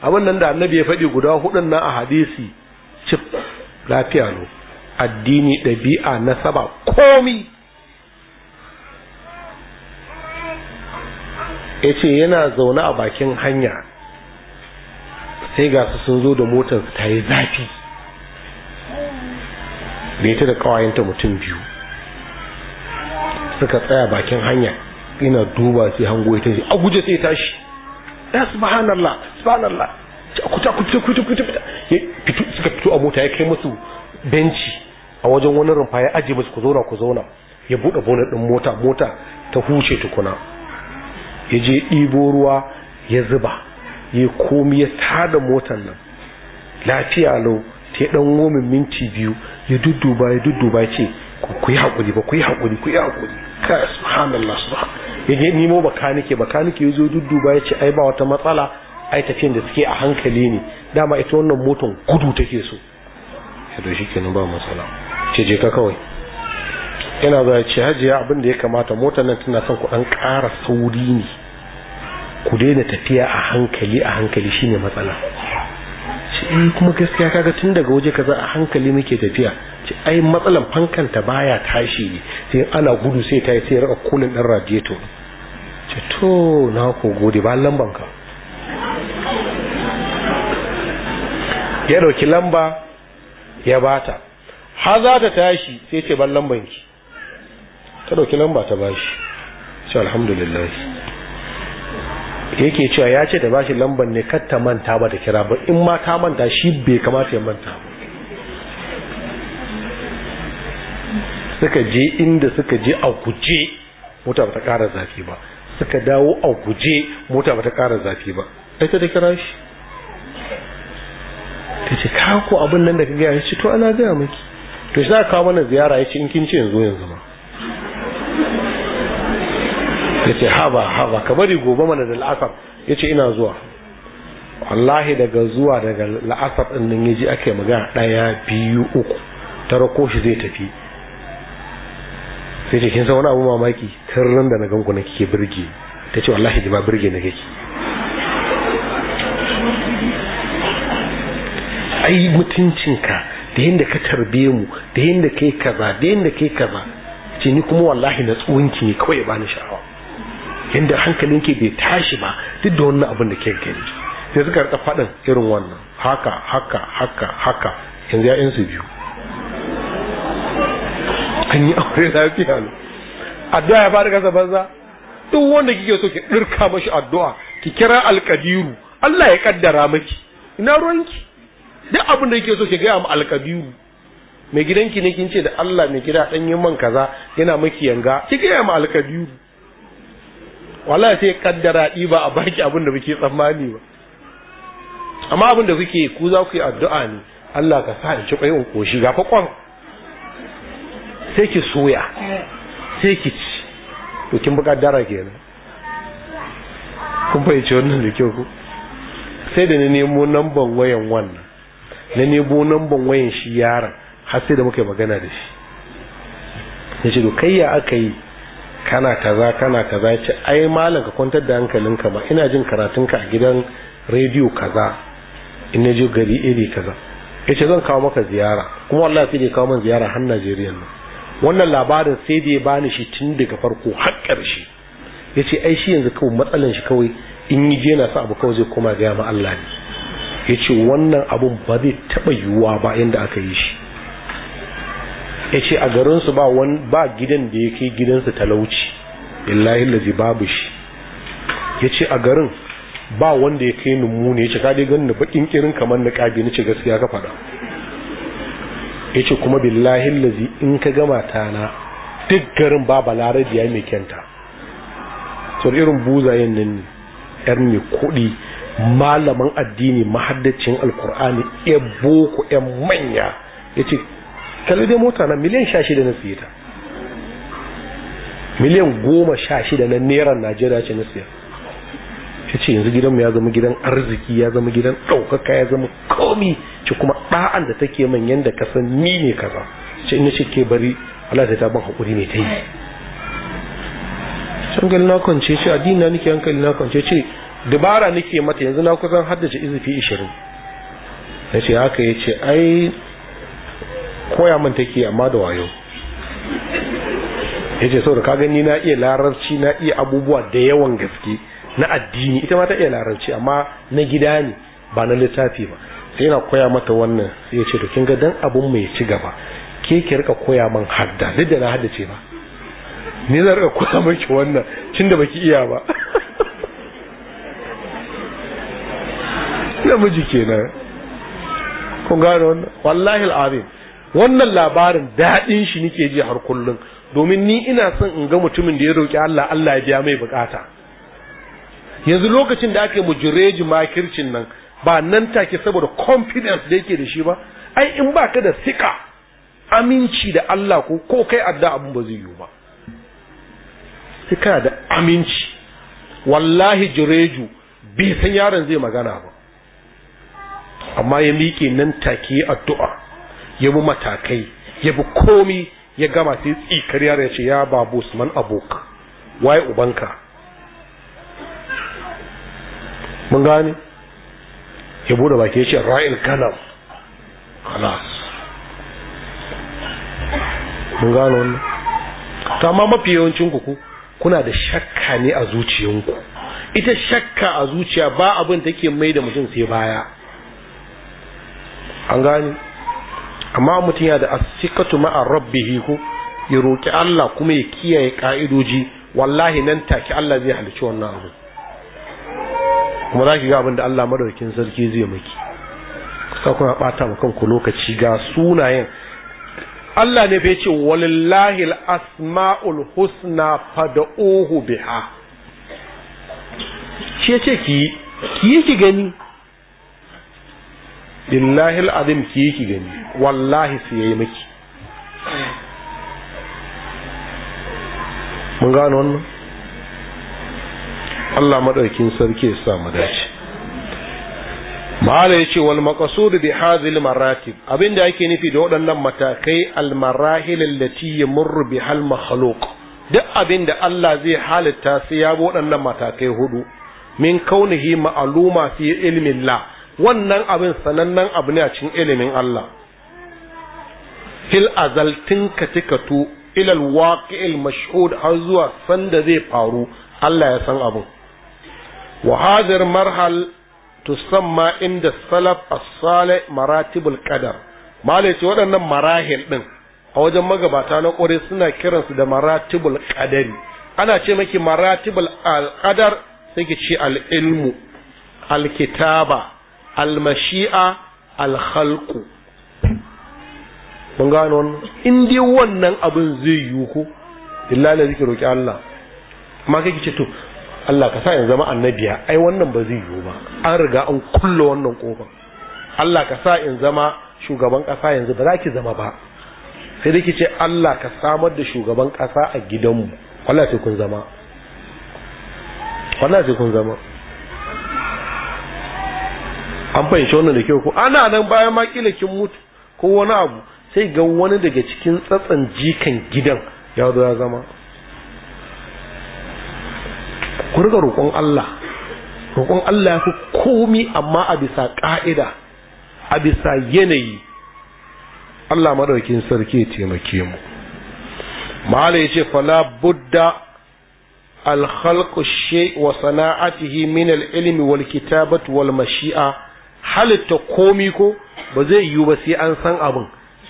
abin nan da annabi ya faɗi guda hudun na a hadisi cif lafiya no addini ɗabi'a nasaba komi ya ce yana zaune a bakin hanya sai ga su sun zo da su ta yi zafi da ita da kawayenta mutum biyu suka tsaya bakin hanya ina duba sai hango ita ce a guje sai tashi ya subhanallah subhanallah kuta kuta kuta kuta fito suka fito a mota ya kai musu benci a wajen wani rumfa ya aje musu ku zauna ku zauna ya bude bonar din mota mota ta huce tukuna ya je ɗibo ruwa ya zuba ya komi ya tada motar nan lafiya lau ta ɗan gomin minti biyu ya dudduba ya dudduba ce ku yi haƙuri ba ku yi haƙuri ku yi haƙuri ka subhanallah subhanallah ya je nemo bakanike bakanike ya zo dudduba ya ce ai ba wata matsala ai tafiyan da suke a hankali ne dama ita wannan motar gudu take so ya to shi kenan ba matsala ce je ka kawai yana za ce hajiya abin da ya kamata motar nan tana son ku ɗan ƙara sauri ne ku daina tafiya a hankali a hankali shine matsala ce eh kuma gaskiya kaga tun daga waje kaza a hankali muke tafiya ce ai matsalan fankanta baya tashi sai ana gudu sai ta sai raka kulin dan radiator ce to na ku gode ba lamban ka ya dauki lamba ya bata har za ta tashi sai ce ban lamban ki ta dauki lamba ta bashi ci alhamdulillah yake cewa ya ce da ba shi lambar ne kar ta manta ba ta kira ba in ma ta manta shi bai kamata ya manta suka je inda suka je a guje mota ba ta ƙara zafi ba suka dawo a guje mota ba ta ƙara zafi ba ita ta kira shi ta ce kako abin nan da ka gaya shi to ana gaya maki to shi za ka kawo mana ziyara ya ce in kin ce yanzu yanzu ma ya ce haba haba ka bari gobe mana da la'asar ya ce ina zuwa wallahi daga zuwa daga la'asar ɗin nan ya ji ake magana ɗaya biyu uku ta rako shi zai tafi sai ce kin san wani abu mamaki tun da na ganku na kike birge ta ce wallahi ji ma birge na kake ai mutuncinka da yadda ka tarbe mu da yadda kai kaza da yadda kai kaza ce ni kuma wallahi na ne kawai ya bani sha'awa inda hankalin ke bai tashi ba duk da wannan abin da ke gani sai suka rika faɗin irin wannan haka haka haka haka yanzu ya su biyu an yi aure lafiya ne addu'a ya fara kasa banza duk wanda kike so ki dirka mashi addu'a ki kira alkadiru Allah ya kaddara miki ina ruwanki duk abin da kike so ki gaya ma alkadiru mai gidanki ne kin ce da Allah mai gida dan yin man kaza yana miki yanga ki gaya ma alkadiru wala sai kaddara ba a baki abin da muke tsammani ba amma abin da kuke ku za ku yi addu'a ne Allah ka sa in ci kwai in koshi ga fa kwan sai ki soya sai ki ci to kin bi kaddara kenan kun ci wannan da kyau ku sai da ni nemo namban wayan wannan na nemo namban wayan shi yaron har sai da muka yi magana da shi ya ce to kai ya aka yi kana kaza kana kaza ce ai malam ka kwantar da hankalinka ba ina jin karatun ka a gidan rediyo kaza in je gari iri kaza ya ce zan kawo maka ziyara kuma wallahi sai da kawo min ziyara har Najeriya nan wannan labarin sai da ya bani shi tun daga farko har ƙarshe ya ce ai shi yanzu kawai matsalan shi kawai in yi je na sa abu kawai zai koma gaya ma Allah ne ya ce wannan abun ba zai taɓa yiwuwa ba yadda aka yi shi ya ce a garinsu ba gidan da ya kai gidansu talauci illahi lazi babu shi ya ce a garin ba wanda ya kai numu ne ya ce kaɗe gan na baƙin ƙirin kamar na ƙabi na ce gaskiya ka faɗa ya ce kuma billahi lazi in ka gama na duk garin ba balarar da ya mai kyanta sau irin buzayen nan ne yar mai kuɗi malaman addini mahaddacin alkur'ani ya boko ya manya ya ce kalli dai mota na miliyan sha shida na siya ta miliyan goma sha shida na neran najeriya ce na siya ta ce yanzu gidanmu ya zama gidan arziki ya zama gidan ɗaukaka ya zama komi ce kuma ɗa'an da take man yadda ka san ni ne kaza ce ina ce ke bari Allah ta ban haƙuri ne ta yi hankali na kwance ce addini na nake hankali na kwance ce dabara nake mata yanzu na kusan haddace izifi ishirin ya ce haka ya ce ai koya min take amma da wayo yace saboda ka gani na iya larabci na iya abubuwa da yawan gaske na addini ita ma ta iya larabci amma na gida ne ba na littafi ba sai yana koya mata wannan sai ya ce to kin ga dan abun mai ci gaba ke ki rika koya min hadda duk da na hadda ce ba ni zan rika koya miki wannan tun da baki iya ba *laughs* namiji kenan kun gano wannan wallahi al'azim wannan labarin daɗin shi nike ji har kullum domin ni ina son in ga mutumin da ya roƙi Allah Allah ya biya mai bukata yanzu lokacin da ake mujireji makircin nan ba nan take saboda confidence da yake da shi ba ai in baka da sika aminci da Allah ko ko kai adda abun ba zai yiwu ba Sika da aminci wallahi jireju bai san yaron zai magana ba amma ya miƙe nan take addu'a ya bi matakai ya bi komi ya gama sai tsikar yara ya ce ya babu busman abok waye ubanka mun gane ya bude baki ya ce ra'il kalam khalas mun gane wannan to amma mafi yawancin ku kuna da shakka ne a zuciyanku ita shakka a zuciya ba abin take mai da mutum sai baya an gane amma mutum yana da asikatu ma'a rabbi hiku ya roƙi Allah kuma ya kiyaye ƙa'idoji, wallahi nan take Allah zai halicci wannan abu kuma za ki ga abin da Allah madaukin sarki zai maki? kusa kuna ɓata ma kanku lokaci ga sunayen Allah ne bai ce walillahi al-asma'ul husna fad'uhu biha shi ce ki ki ki gani billahi al'azim ki yi gani wallahi su yayi miki mun gano wannan Allah madaukin sarki ya sa mu dace mala yace wal maqsud bi hadhil maratib maratib abinda yake nufi da waɗannan matakai al marahil allati yamur bi hal makhluq duk abinda Allah zai halitta sai ya bi waɗannan matakai hudu min kaunihi ma'luma fi ilmin la wannan abin sanannen abu ne a cikin ilimin Allah fil azal tinka tikatu ilal waqi'il mashhud har zuwa sanda zai faru Allah ya san abin wa hadir marhal tusamma inda salaf as-salih maratibul qadar malai ce waɗannan marahil din a wajen magabata na ƙwarai suna kiransu da maratibul qadari ana ce maki maratibul al-qadar sai ki ce al-ilmu al-kitaba almashi'a alhalku mun gano wannan in dai wannan abin zai yiwu ko illa zai zike roki Allah amma kai kice to Allah ka sa in zama annabiya ai wannan ba zai yiwu ba an riga an kulle wannan kofar Allah ka sa in zama shugaban kasa yanzu ba za ki zama ba sai dai kice Allah ka samar da shugaban kasa a gidanmu wallahi sai kun zama wallahi sai kun zama an fahimci wannan da kyau ko ana nan bayan ma kila mutu ko wani abu sai ga wani daga cikin tsatsan jikan gidan ya zo ya zama ku riga roƙon Allah roƙon Allah ya fi komi amma a bisa ƙa'ida a bisa yanayi Allah madaukin sarki ya taimake mu mala ya ce fala budda al-harku min al ilmi wal kitabati wal mashi'a halitta komi ko ba zai yiwu ba sai an san abin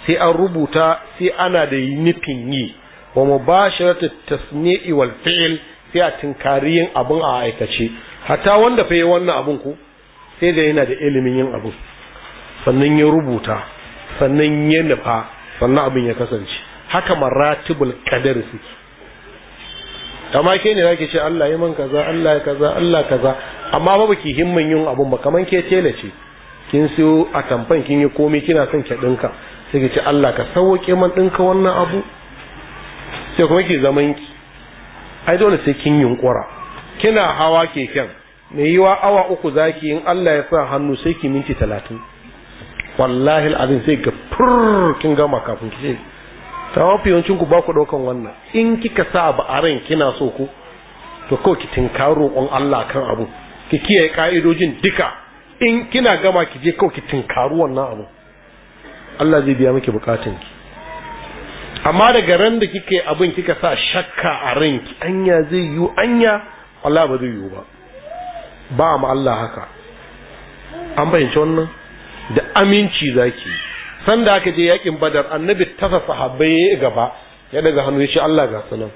sai an rubuta sai ana da nufin yi wa mubasharatu tasni'i wal fi'il sai a tinkari yin abin a aikace hatta wanda fa yi wannan abin ku sai da yana da ilimin yin abin sannan ya rubuta sannan ya nufa sannan abin ya kasance haka maratibul qadar suke amma ke ne zaki ce Allah yi man kaza Allah ya kaza Allah kaza amma ba baki himmin yin abun ba kaman ke tele ce kin siyo a tamfan kin yi komai kina son ki dinka sai ki ce Allah ka sauke man dinka wannan abu sai kuma ki zaman ki ai dole sai kin yunkura kina hawa keken mai yiwa awa uku zaki in Allah ya sa hannu sai ki minti talatin wallahi al'azim sai ga fur kin gama kafin ki ce tawafi yawancin ku ba ku daukan wannan in kika sa ba a ran kina so ku to ko ki tinkaro roƙon Allah kan abu ki kiyaye ka'idojin duka in kina gama ki je kawai ki tinkaru wannan abu Allah zai biya miki bukatun ki amma daga ran da kike abin kika sa shakka a ranki anya zai yiwu anya Allah ba zai yiwu ba ba ma Allah haka an bayyana wannan da aminci zaki sanda aka je yakin badar annabi tasa sahabbai gaba ya daga hannu ya ce Allah ga sunan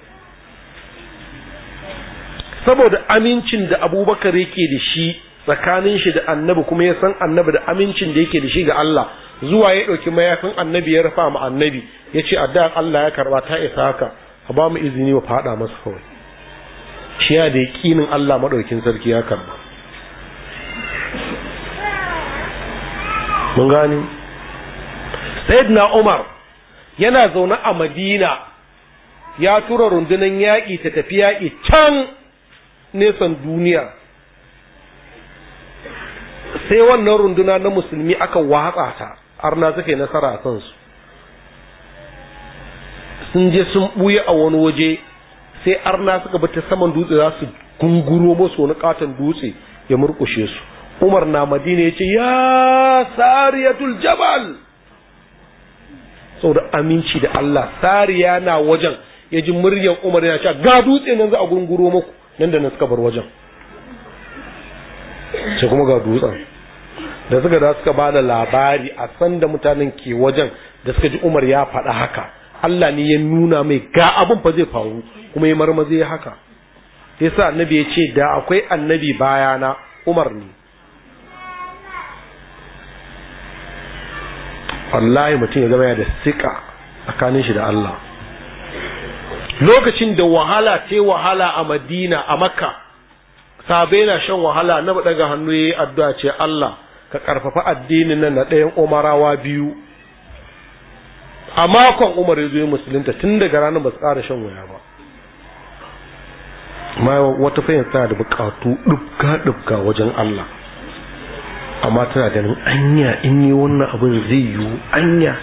saboda amincin da abubakar yake da shi tsakanin shi da annabi kuma ya san annabi da amincin da yake da shi ga Allah zuwa ya ɗauki mayafin annabi ya rafa ma annabi ya ce da Allah ya karba ta isa haka a ba mu izini wa faɗa masa kawai shi ya da yakinin Allah maɗaukin sarki ya karba mun gani sayyidina Umar yana zaune a Madina ya tura rundunar yaƙi ta tafi yaƙi can nesan duniya sai wannan runduna na musulmi aka watsa ta arna suka nasara a kansu sun je sun buya a wani waje sai arna suka bata saman dutse za su gunguro musu wani katon dutse ya murkushe su umar na madina ya ce ya sariyatul jabal da aminci da Allah sariya na wajen ya ji muryar umar ya ce ga dutse nan za a gunguro muku nan da nan suka bar wajen sai kuma ga dutsen da suka da suka bada labari a sanda mutanen ke wajen da suka ji Umar ya faɗa haka Allah ne ya nuna mai ga abin fa zai faru kuma ya marmaze haka sa annabi ya ce da akwai annabi bayana Umar ne wallahi mutum ya zama ya da sika tsakanin shi da Allah lokacin da wahala ce wahala a Madina a Makka sabai na shan wahala na ga hannu ya yi addu'a ce Allah ka ƙarfafa addinin nan na ɗayan umarawa biyu a makon umar ya zo musulunta tun daga ranar ba su ƙara shan waya ba ma wata fayin tana da buƙatu ɗubga ɗubga wajen Allah amma tana ganin anya in yi wannan abin zai yiwu anya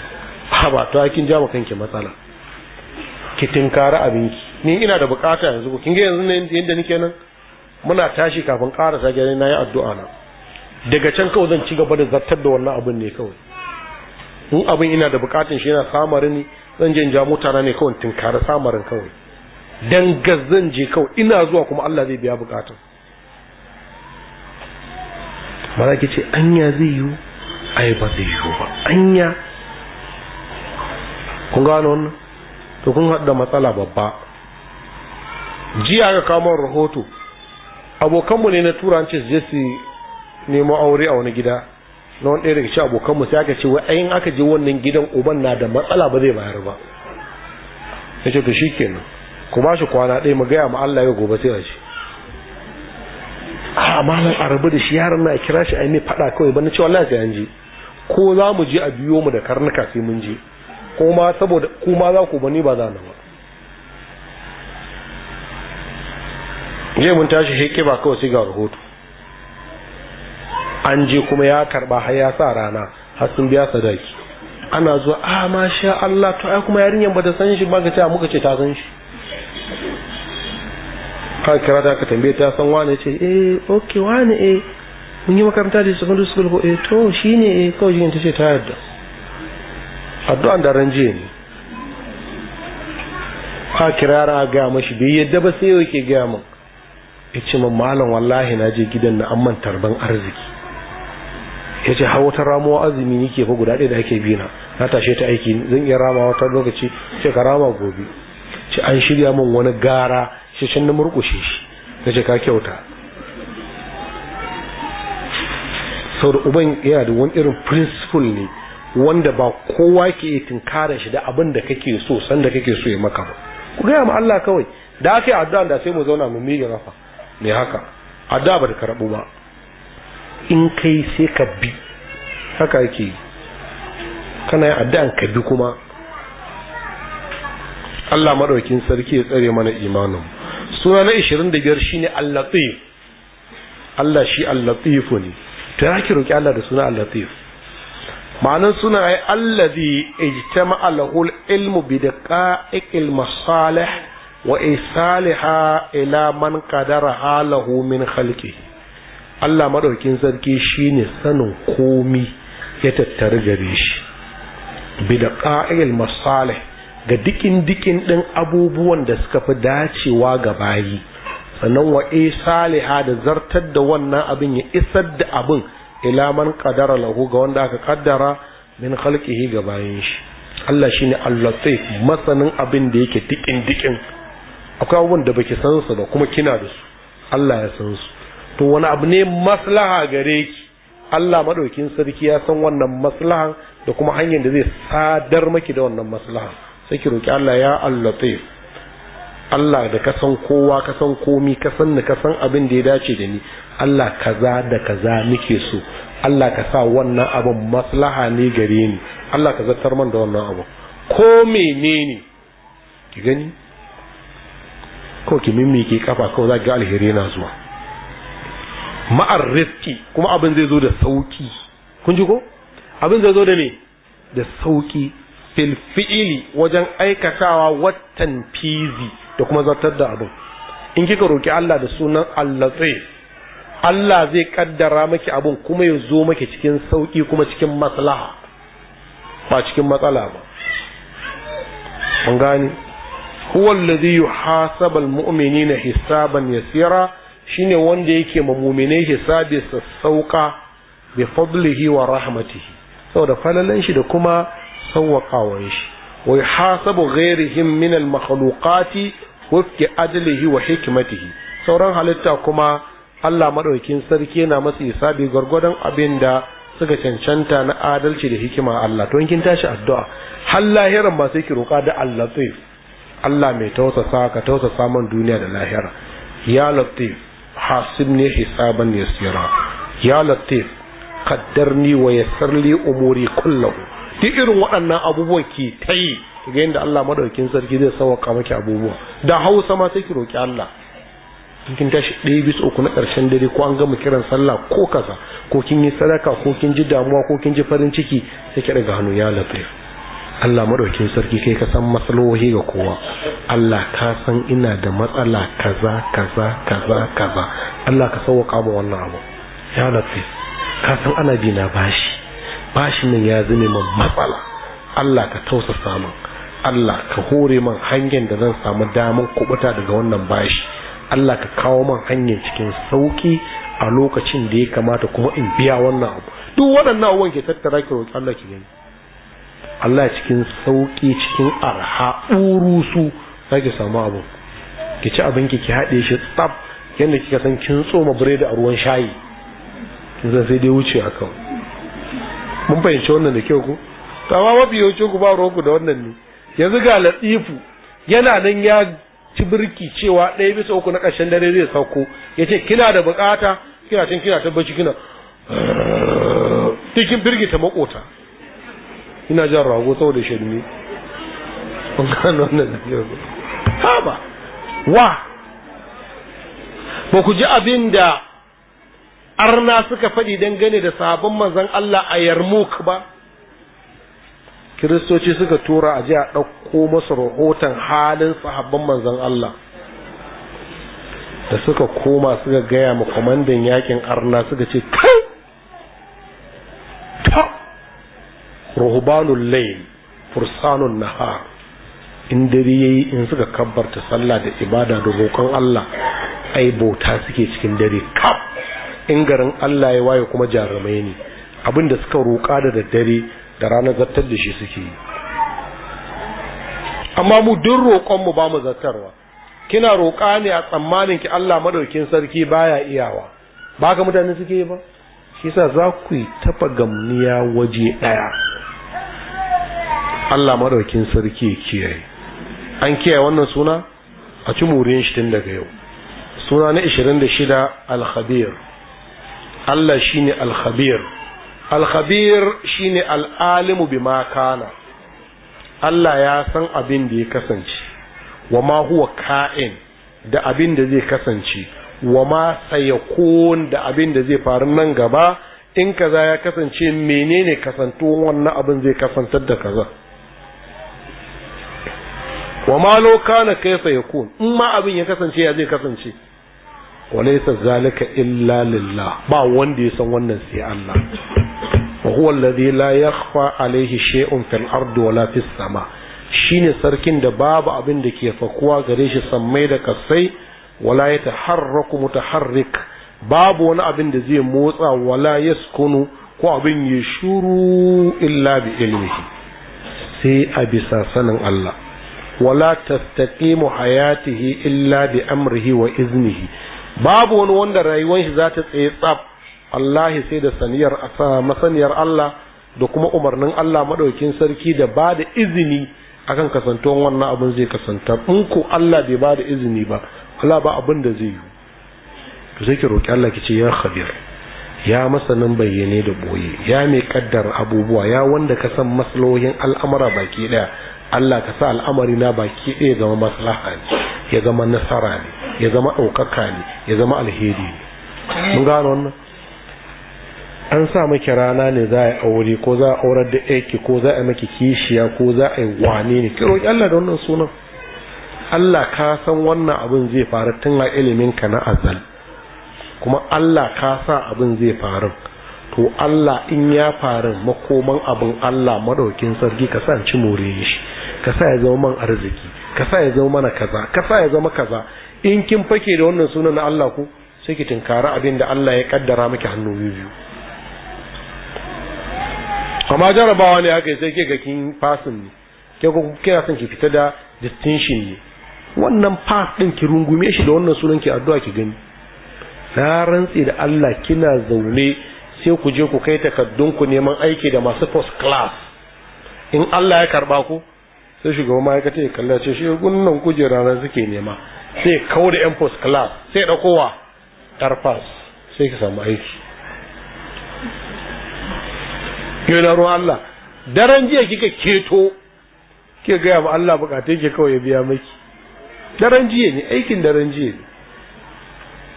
ha ba ta kin ja kanki matsala ki tinkara abinki ni ina da buƙata yanzu kin ga yanzu ne yanda nake nan muna tashi kafin karasa gani na yi addu'a na daga can kawai zan ci gaba da zartar da wannan abin ne kawai in abin ina da bukatun shi yana samarin ne zan je ja mota na ne kawai tinkara samarin kawai dan zan je kawai ina zuwa kuma Allah zai biya bukatun mara ke ce anya zai yiwu ai ba zai yi ba anya kun gano wannan to kun haɗu da matsala babba jiya ga kamar rahoto abokanmu ne na turanci je su nemo aure a wani gida na wani ɗaya daga cikin abokan mu sai aka ce wai ayin aka je wannan gidan uban na da matsala ba zai bayar ba ya ce to shikenan ku ba shi kwana ɗaya mu gaya ma Allah ya gobe sai a ce a malam a rabu da shi yaron na kira shi a mai faɗa kawai ba na ce wallahi sai an je ko za mu je a biyo mu da karnuka sai mun je kuma saboda kuma za ku bani ba za na ba je mun tashi shi ba kawai sai ga rahoto an je kuma ya karba har ya sa rana har sun biya sadaki ana zuwa a ah, sha Allah to ai kuma yarinyar ba ta san shi ba ga ta muka ce ta san shi ka kira ta ka tambaye ta san wani ce eh okay wani eh mun yi makaranta da gudu school ko eh to shine eh kawai jin ta ce ta yarda addu'an da ranje ne ka kira ra ga mashi bai yadda ba sai yake ga mu ya ce malam wallahi na je gidan na amman tarban arziki ya ce hawa ta ramuwa azumi yake fa guda ɗaya da ake bi na na tashe ta aiki zan iya rama wata lokaci ce ka rama gobe ce an shirya min wani gara ce can na murkushe shi na ce ka kyauta da uban yana da wani irin principle ne wanda ba kowa ke tinkara shi da abin da kake so sanda kake so ya maka ba ku gaya ma Allah kawai da aka yi addu'a da sai mu zauna mu miƙe kafa me haka addu'a ba ta karɓu ba in kai sai ka bi haka yake kana yi addu'an ka bi kuma Allah maɗaukin sarki ya tsare mana imanin suna na 25 shi ne allatif Allah shi allatifu ne to ya ki roƙi Allah da suna al-latif ma'anar suna ai allazi ta ma'alahul ilmu bi daqa'iqil masalih wa isalaha ila man kadara halahu min halki Allah maɗaukin sarki shine sanin komi ya tattare gare shi bi da ƙa'il masalih ga dikin dikin ɗin abubuwan da suka fi dacewa ga bayi sannan wa e saliha da zartar da wannan abin ya isar da abin ila man qadara lahu ga wanda aka kaddara min khalqihi ga bayin shi Allah shine al-latif masanin abin da yake dikin dikin akwai abubuwan da baki san su ba kuma kina da su Allah ya san su to wani abu ne maslaha gare ki Allah maɗaukin sarki ya san wannan maslahan da kuma hanyar da zai sadar maki da wannan maslaha sai ki roki Allah ya allatif Allah da ka san kowa ka san komi ka san ni ka san abin da ya dace da ni Allah kaza da kaza nake so Allah ka sa wannan abin maslaha ne gare ni Allah ka zartar man da wannan abu ko menene ki gani ko ki mimmi ki kafa ko za ki ga alheri na zuwa ma'ar riski kuma abin zai zo da sauki kun ji ko abin zai zo da me da sauki fil fi'ili wajen aikatawa watan fizi da kuma zartar da abin in kika roki Allah da sunan Allah zai Allah zai kaddara maki abin kuma ya zo maki cikin sauki kuma cikin maslaha ba cikin matsala ba mun gani huwa alladhi yuhasabu almu'minina hisaban yasira shine wanda yake mamumine hisabi sauka bi fadlihi wa rahmatihi saboda falalan shi da kuma sawwaqawan shi wa yuhasabu ghairihim min al makhluqati wufki adlihi wa hikmatihi sauran halitta kuma Allah madaukin sarki yana masa hisabi gwargwadon abinda suka cancanta na adalci da hikima Allah to kin tashi addu'a har lahiran masu sai ki roƙa da Allah Allah mai tausasa ka tausasa man duniya da lahira ya latif hasibni hisaban yasira ya latif qaddarni wa yassir li umuri kullahu duk irin waɗannan abubuwan ki ta yi ga yadda Allah madaukakin sarki zai sauka maki abubuwa da Hausa ma sai ki roki Allah kin tashi ɗaya bisa uku na ƙarshen dare ko an gama kiran sallah ko kaza ko kin yi sadaka ko kin ji damuwa ko kin ji farin ciki sai ki daga hannu ya latif Allah maɗaukin sarki kai ka san matsalohi ga kowa Allah ka san ina da matsala kaza kaza kaza kaza Allah ka sauwaka mu wannan abu ya latif ka san ana na bashi bashi nan ya zame man matsala Allah ka tausasa min Allah ka hore man hanyar da zan samu damar kubuta daga wannan bashi Allah ka kawo man hanyar cikin sauki a lokacin da ya kamata kuma in biya wannan abu duk waɗannan abubuwan ke tattara ki roƙi Allah ki gani Allah cikin sauƙi cikin arha urusu za ki samu abu ki ci abinki ki haɗe shi tsaf yadda kika san kin tsoma biredi a ruwan shayi Zan sai dai wuce haka mun fahimci wannan da kyau ku to mafi yawancin ku ba ruwanku da wannan ne yanzu ga latifu yana nan ya ci birki cewa ɗaya bisa uku na ƙarshen dare zai sauko ya ce kina da bukata kina cin kina tabbaci kina cikin birgita makota ina jan rago saboda shirme kun gano wannan da ke ba. wa ba ku ji abin da arna suka faɗi dangane da sabon mazan Allah a yarmuk ba kiristoci suka tura a ji a ɗauko masu rahoton halin sahabban manzon Allah da suka koma suka gaya ma kwamandan yakin arna suka ce kai ruhbanul layl fursanun nahar in dare yayi in suka kabbarta sallah da ibada da roƙon Allah ai bauta suke cikin dare kaf in garin Allah ya waye kuma jarumai ne abinda suka roƙa da daddare da ranar zartar da shi suke yi amma mu duk roƙon mu ba mu zartarwa kina roƙa ne a tsammanin ki Allah madaukin sarki baya iyawa ba ka mutane suke yi ba shi yasa za ku yi tafa gamniya waje ɗaya Allah madaukin sarki ya kiyaye an kiyaye wannan suna a ci muriyan shi tun daga yau suna na 26 al-khabir Allah shine al-khabir al-khabir shine al'alimu bimakana. bima Allah ya san abin da ya kasance wa ma huwa ka'in da abin da zai kasance wa ma sayakun da abin da zai faru nan gaba in kaza ya kasance menene kasantuwan wannan abin zai kasantar da kaza wa ma law kana kaifa yakun in ma abin ya kasance ya zai kasance wa laysa zalika illa lillah ba wanda ya san wannan sai Allah wa huwa alladhi la yakhfa alayhi shay'un fil ardi wa la fis sama shine sarkin da babu abin da ke fakuwa gare shi sammai da kasai wala yataharraku mutaharrik babu wani abin da zai motsa wala yaskunu ko abin ya shuru illa bi ilmihi sai a bisa sanin Allah ولا تستقيم حياته illa bi amrihi wa ون babu wani wanda rayuwar shi za ta tsaye tsaf wallahi sai da saniyar masaniyar Allah da kuma umarnin Allah madaukin sarki da ba da izini akan kasantuwan wannan abin zai kasanta in ku Allah bai ba da izini ba Allah ba abin da zai yi to sai ki roki Allah ki ce ya khabir ya masanin bayyane da boye ya mai kaddar abubuwa ya wanda ka san maslohin al'amura baki daya Allah ka sa al'amari na baki ɗaya zama maslaha ne ya zama nasara ne ya zama ɗaukaka ne ya zama alheri ne mun gano wannan an sa miki rana ne za a yi aure ko za a aurar da aiki ko za a yi maki kishiya ko za a yi wane ne ki roƙi Allah da wannan sunan Allah ka san wannan abin zai faru tun a ilimin ka na azal kuma Allah ka sa abin zai faru to Allah in ya faru makoman abin Allah madaukin sarki ka san ci more shi ka sa ya zama man arziki ka sa ya zama mana kaza ka sa ya zama kaza in kin fake da wannan sunan na Allah ku sai ki tinkara abin da Allah ya kaddara miki hannu biyu amma jarabawa ne haka sai ke ga kin fasin ne ke ko kina son ki fita da distinction ne wannan pass din ki rungume shi da wannan sunan ki addu'a ki gani na rantsi da Allah kina zaune sai ku je ku kai takaddun ku neman aiki da masu first class in Allah ya karba ku sai shugaban ma'aikata ya kalla ce shi gunnan kujera na suke nema sai kawo da yan post class sai da kowa tarfas sai ka samu aiki yau na ruwan Allah daren jiya kika keto ke gaya ba Allah bukatai ke kawai ya biya maki daren jiya ne aikin daren jiya ne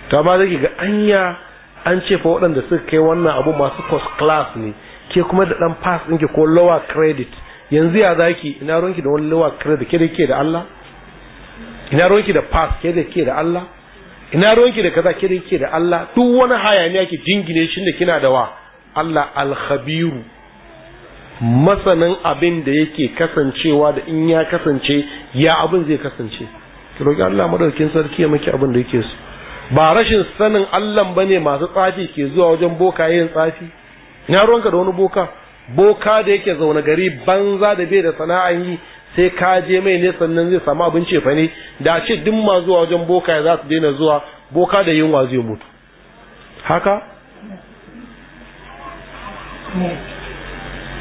ta ma zaki ga anya an ce fa waɗanda suka kai wannan abu masu post class ne ke kuma da ɗan pass ɗinki ko lower credit yanzu ya zaki ina ruwanki da wani lawa kare da ke da ke da Allah ina ruwanki da pass ke da ke da Allah ina ruwanki da kaza ke da ke da Allah duk wani hayaniya ke jingine shi da kina da wa Allah al masanin abin da yake kasancewa da in ya kasance ya abin zai kasance ki roki Allah madaukakin sarki ya maki abin da yake so ba rashin sanin Allah bane masu tsafi ke zuwa wajen boka yin tsafi ina ruwanka da wani boka boka da yake zaune gari banza da bai da sana'an yi sai ka je mai ne sannan zai samu abin cefa ne da ce duk ma zuwa wajen boka ya za su daina zuwa boka da yunwa zai mutu haka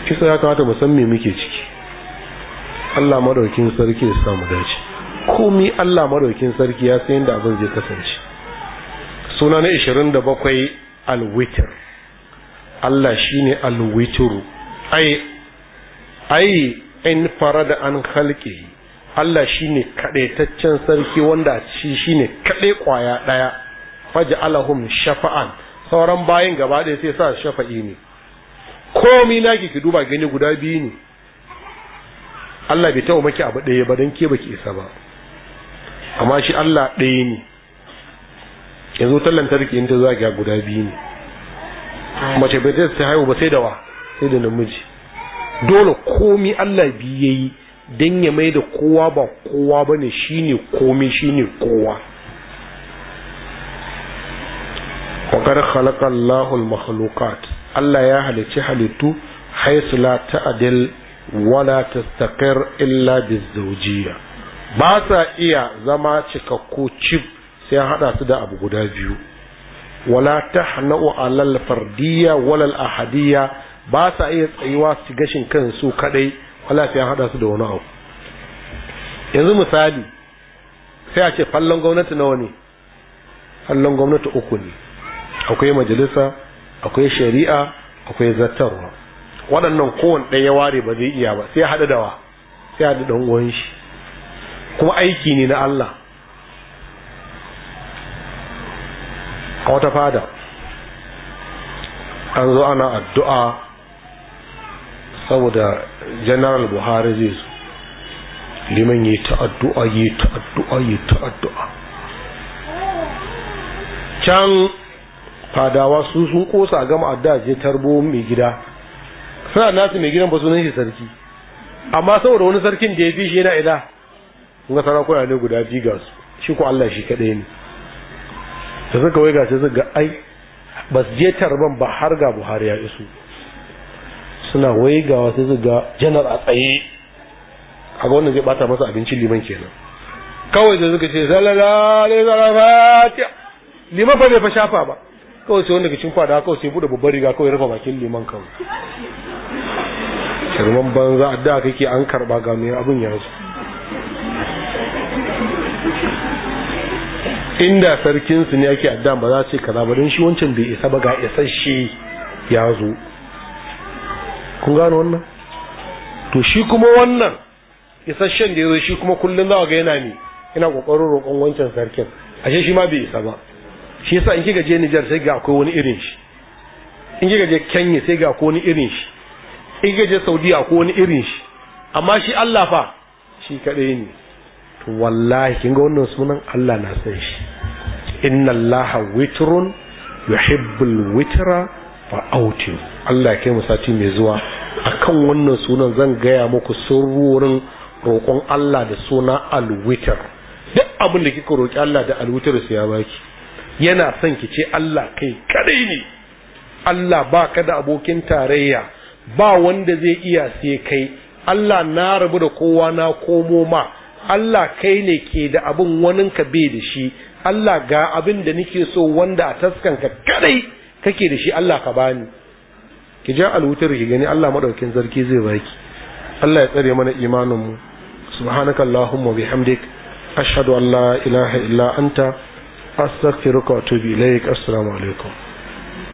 kisa ya kamata mu san me muke ciki Allah madaukin sarki ya samu dace komi Allah madaukin sarki ya san da abin zai kasance suna na 27 alwitar Allah shine alwitiru ai ai in farada an halke Allah shine kadaitaccen sarki wanda shi shine kadai kwaya daya alahum shafa'an sauran bayin gaba ɗaya sai sa shafa'i ne komi naki ki duba gani guda biyu ne Allah bai taɓa maki abu ɗaya ba don ke baki isa ba amma shi Allah ɗaya ne yanzu tallan lantarki in ta guda biyu ne mace bai ta haihu ba sai da wa sai da namiji dole komi Allah biyu yayi dan ya mai da kowa ba kowa bane shine komi shine kowa wa qad khalaqa Allah ya halicci halittu haisu la ta'dil wala tastaqir illa bizawjiyya ba sa iya zama cikakku cif sai hada su da abu guda biyu wala tahna'u alal fardiyya walal ahadiyya ba sa iya tsayuwa su gashin kan su kadai wala sai hada su da wani abu yanzu misali sai a ce fallon gwamnati nawa ne fallon gwamnati uku ne akwai majalisa akwai shari'a akwai zattarwa waɗannan kowane ɗaya ware ba zai iya ba sai ya haɗu da wa sai haɗu da uwan shi kuma aiki ne na Allah a wata fada an zo ana addu'a saboda general buhari zai su liman yi ta'addu'a yi ta'addu'a yi ta'addu'a can fadawa su sun kosa gama addu'a je tarbo mai gida suna nasu mai gidan ba sunan shi sarki amma saboda wani sarkin da ya fi shi yana ila. kun ga sarakuna ne guda biyu ga su shi ko Allah shi kadai ne da suka wai ga su suka ai ba su je tarban ba har ga Buhari ya isu suna waigawa sai su ga janar a tsaye a wannan zai bata masa abincin liman kenan kawai da suka ce sallallahu alaihi liman fa bai fa shafa ba kawai sai wanda cikin kwada kawai sai bude babbar riga kawai rufa bakin liman kawai shirman banza a da kake an karba ga mai abin ya zo inda sarkinsu ne ake addan ba za su ce kaza ba don shi wancan bai isa ba ga isasshe ya zo kun gano wannan to shi kuma wannan isasshen da ya zo shi kuma kullum za ga yana ne yana kokarin roƙon wancan sarkin ashe shi ma bai isa ba shi yasa in kika je Nijar sai ga akwai wani irin shi in kika je Kenya sai ga akwai wani irin shi in kika je Saudi akwai wani irin shi amma shi Allah fa shi kadai ne to wallahi kin ga wannan sunan Allah na san shi inna allaha witrun yuhibbul witra fa Allah kai mu sati mai zuwa akan wannan sunan zan gaya muku sururin roƙon Allah da suna alwitar duk abin da kika roƙi Allah da alwitar su ya baki yana son ki ce Allah kai kadai ne Allah ba ka da abokin tarayya ba wanda zai iya sai kai Allah na rabu da kowa na komo ma Allah kai ne ke da abin ka bai da shi Allah ga abin da nake so wanda a taskanka kadai kake da shi Allah ka bani ki ja alwutar ki gani Allah madaukin sarki zai baki Allah ya tsare mana imanin mu subhanaka allahumma bihamdik ashhadu an la ilaha illa anta astaghfiruka wa atubu ilaik assalamu alaikum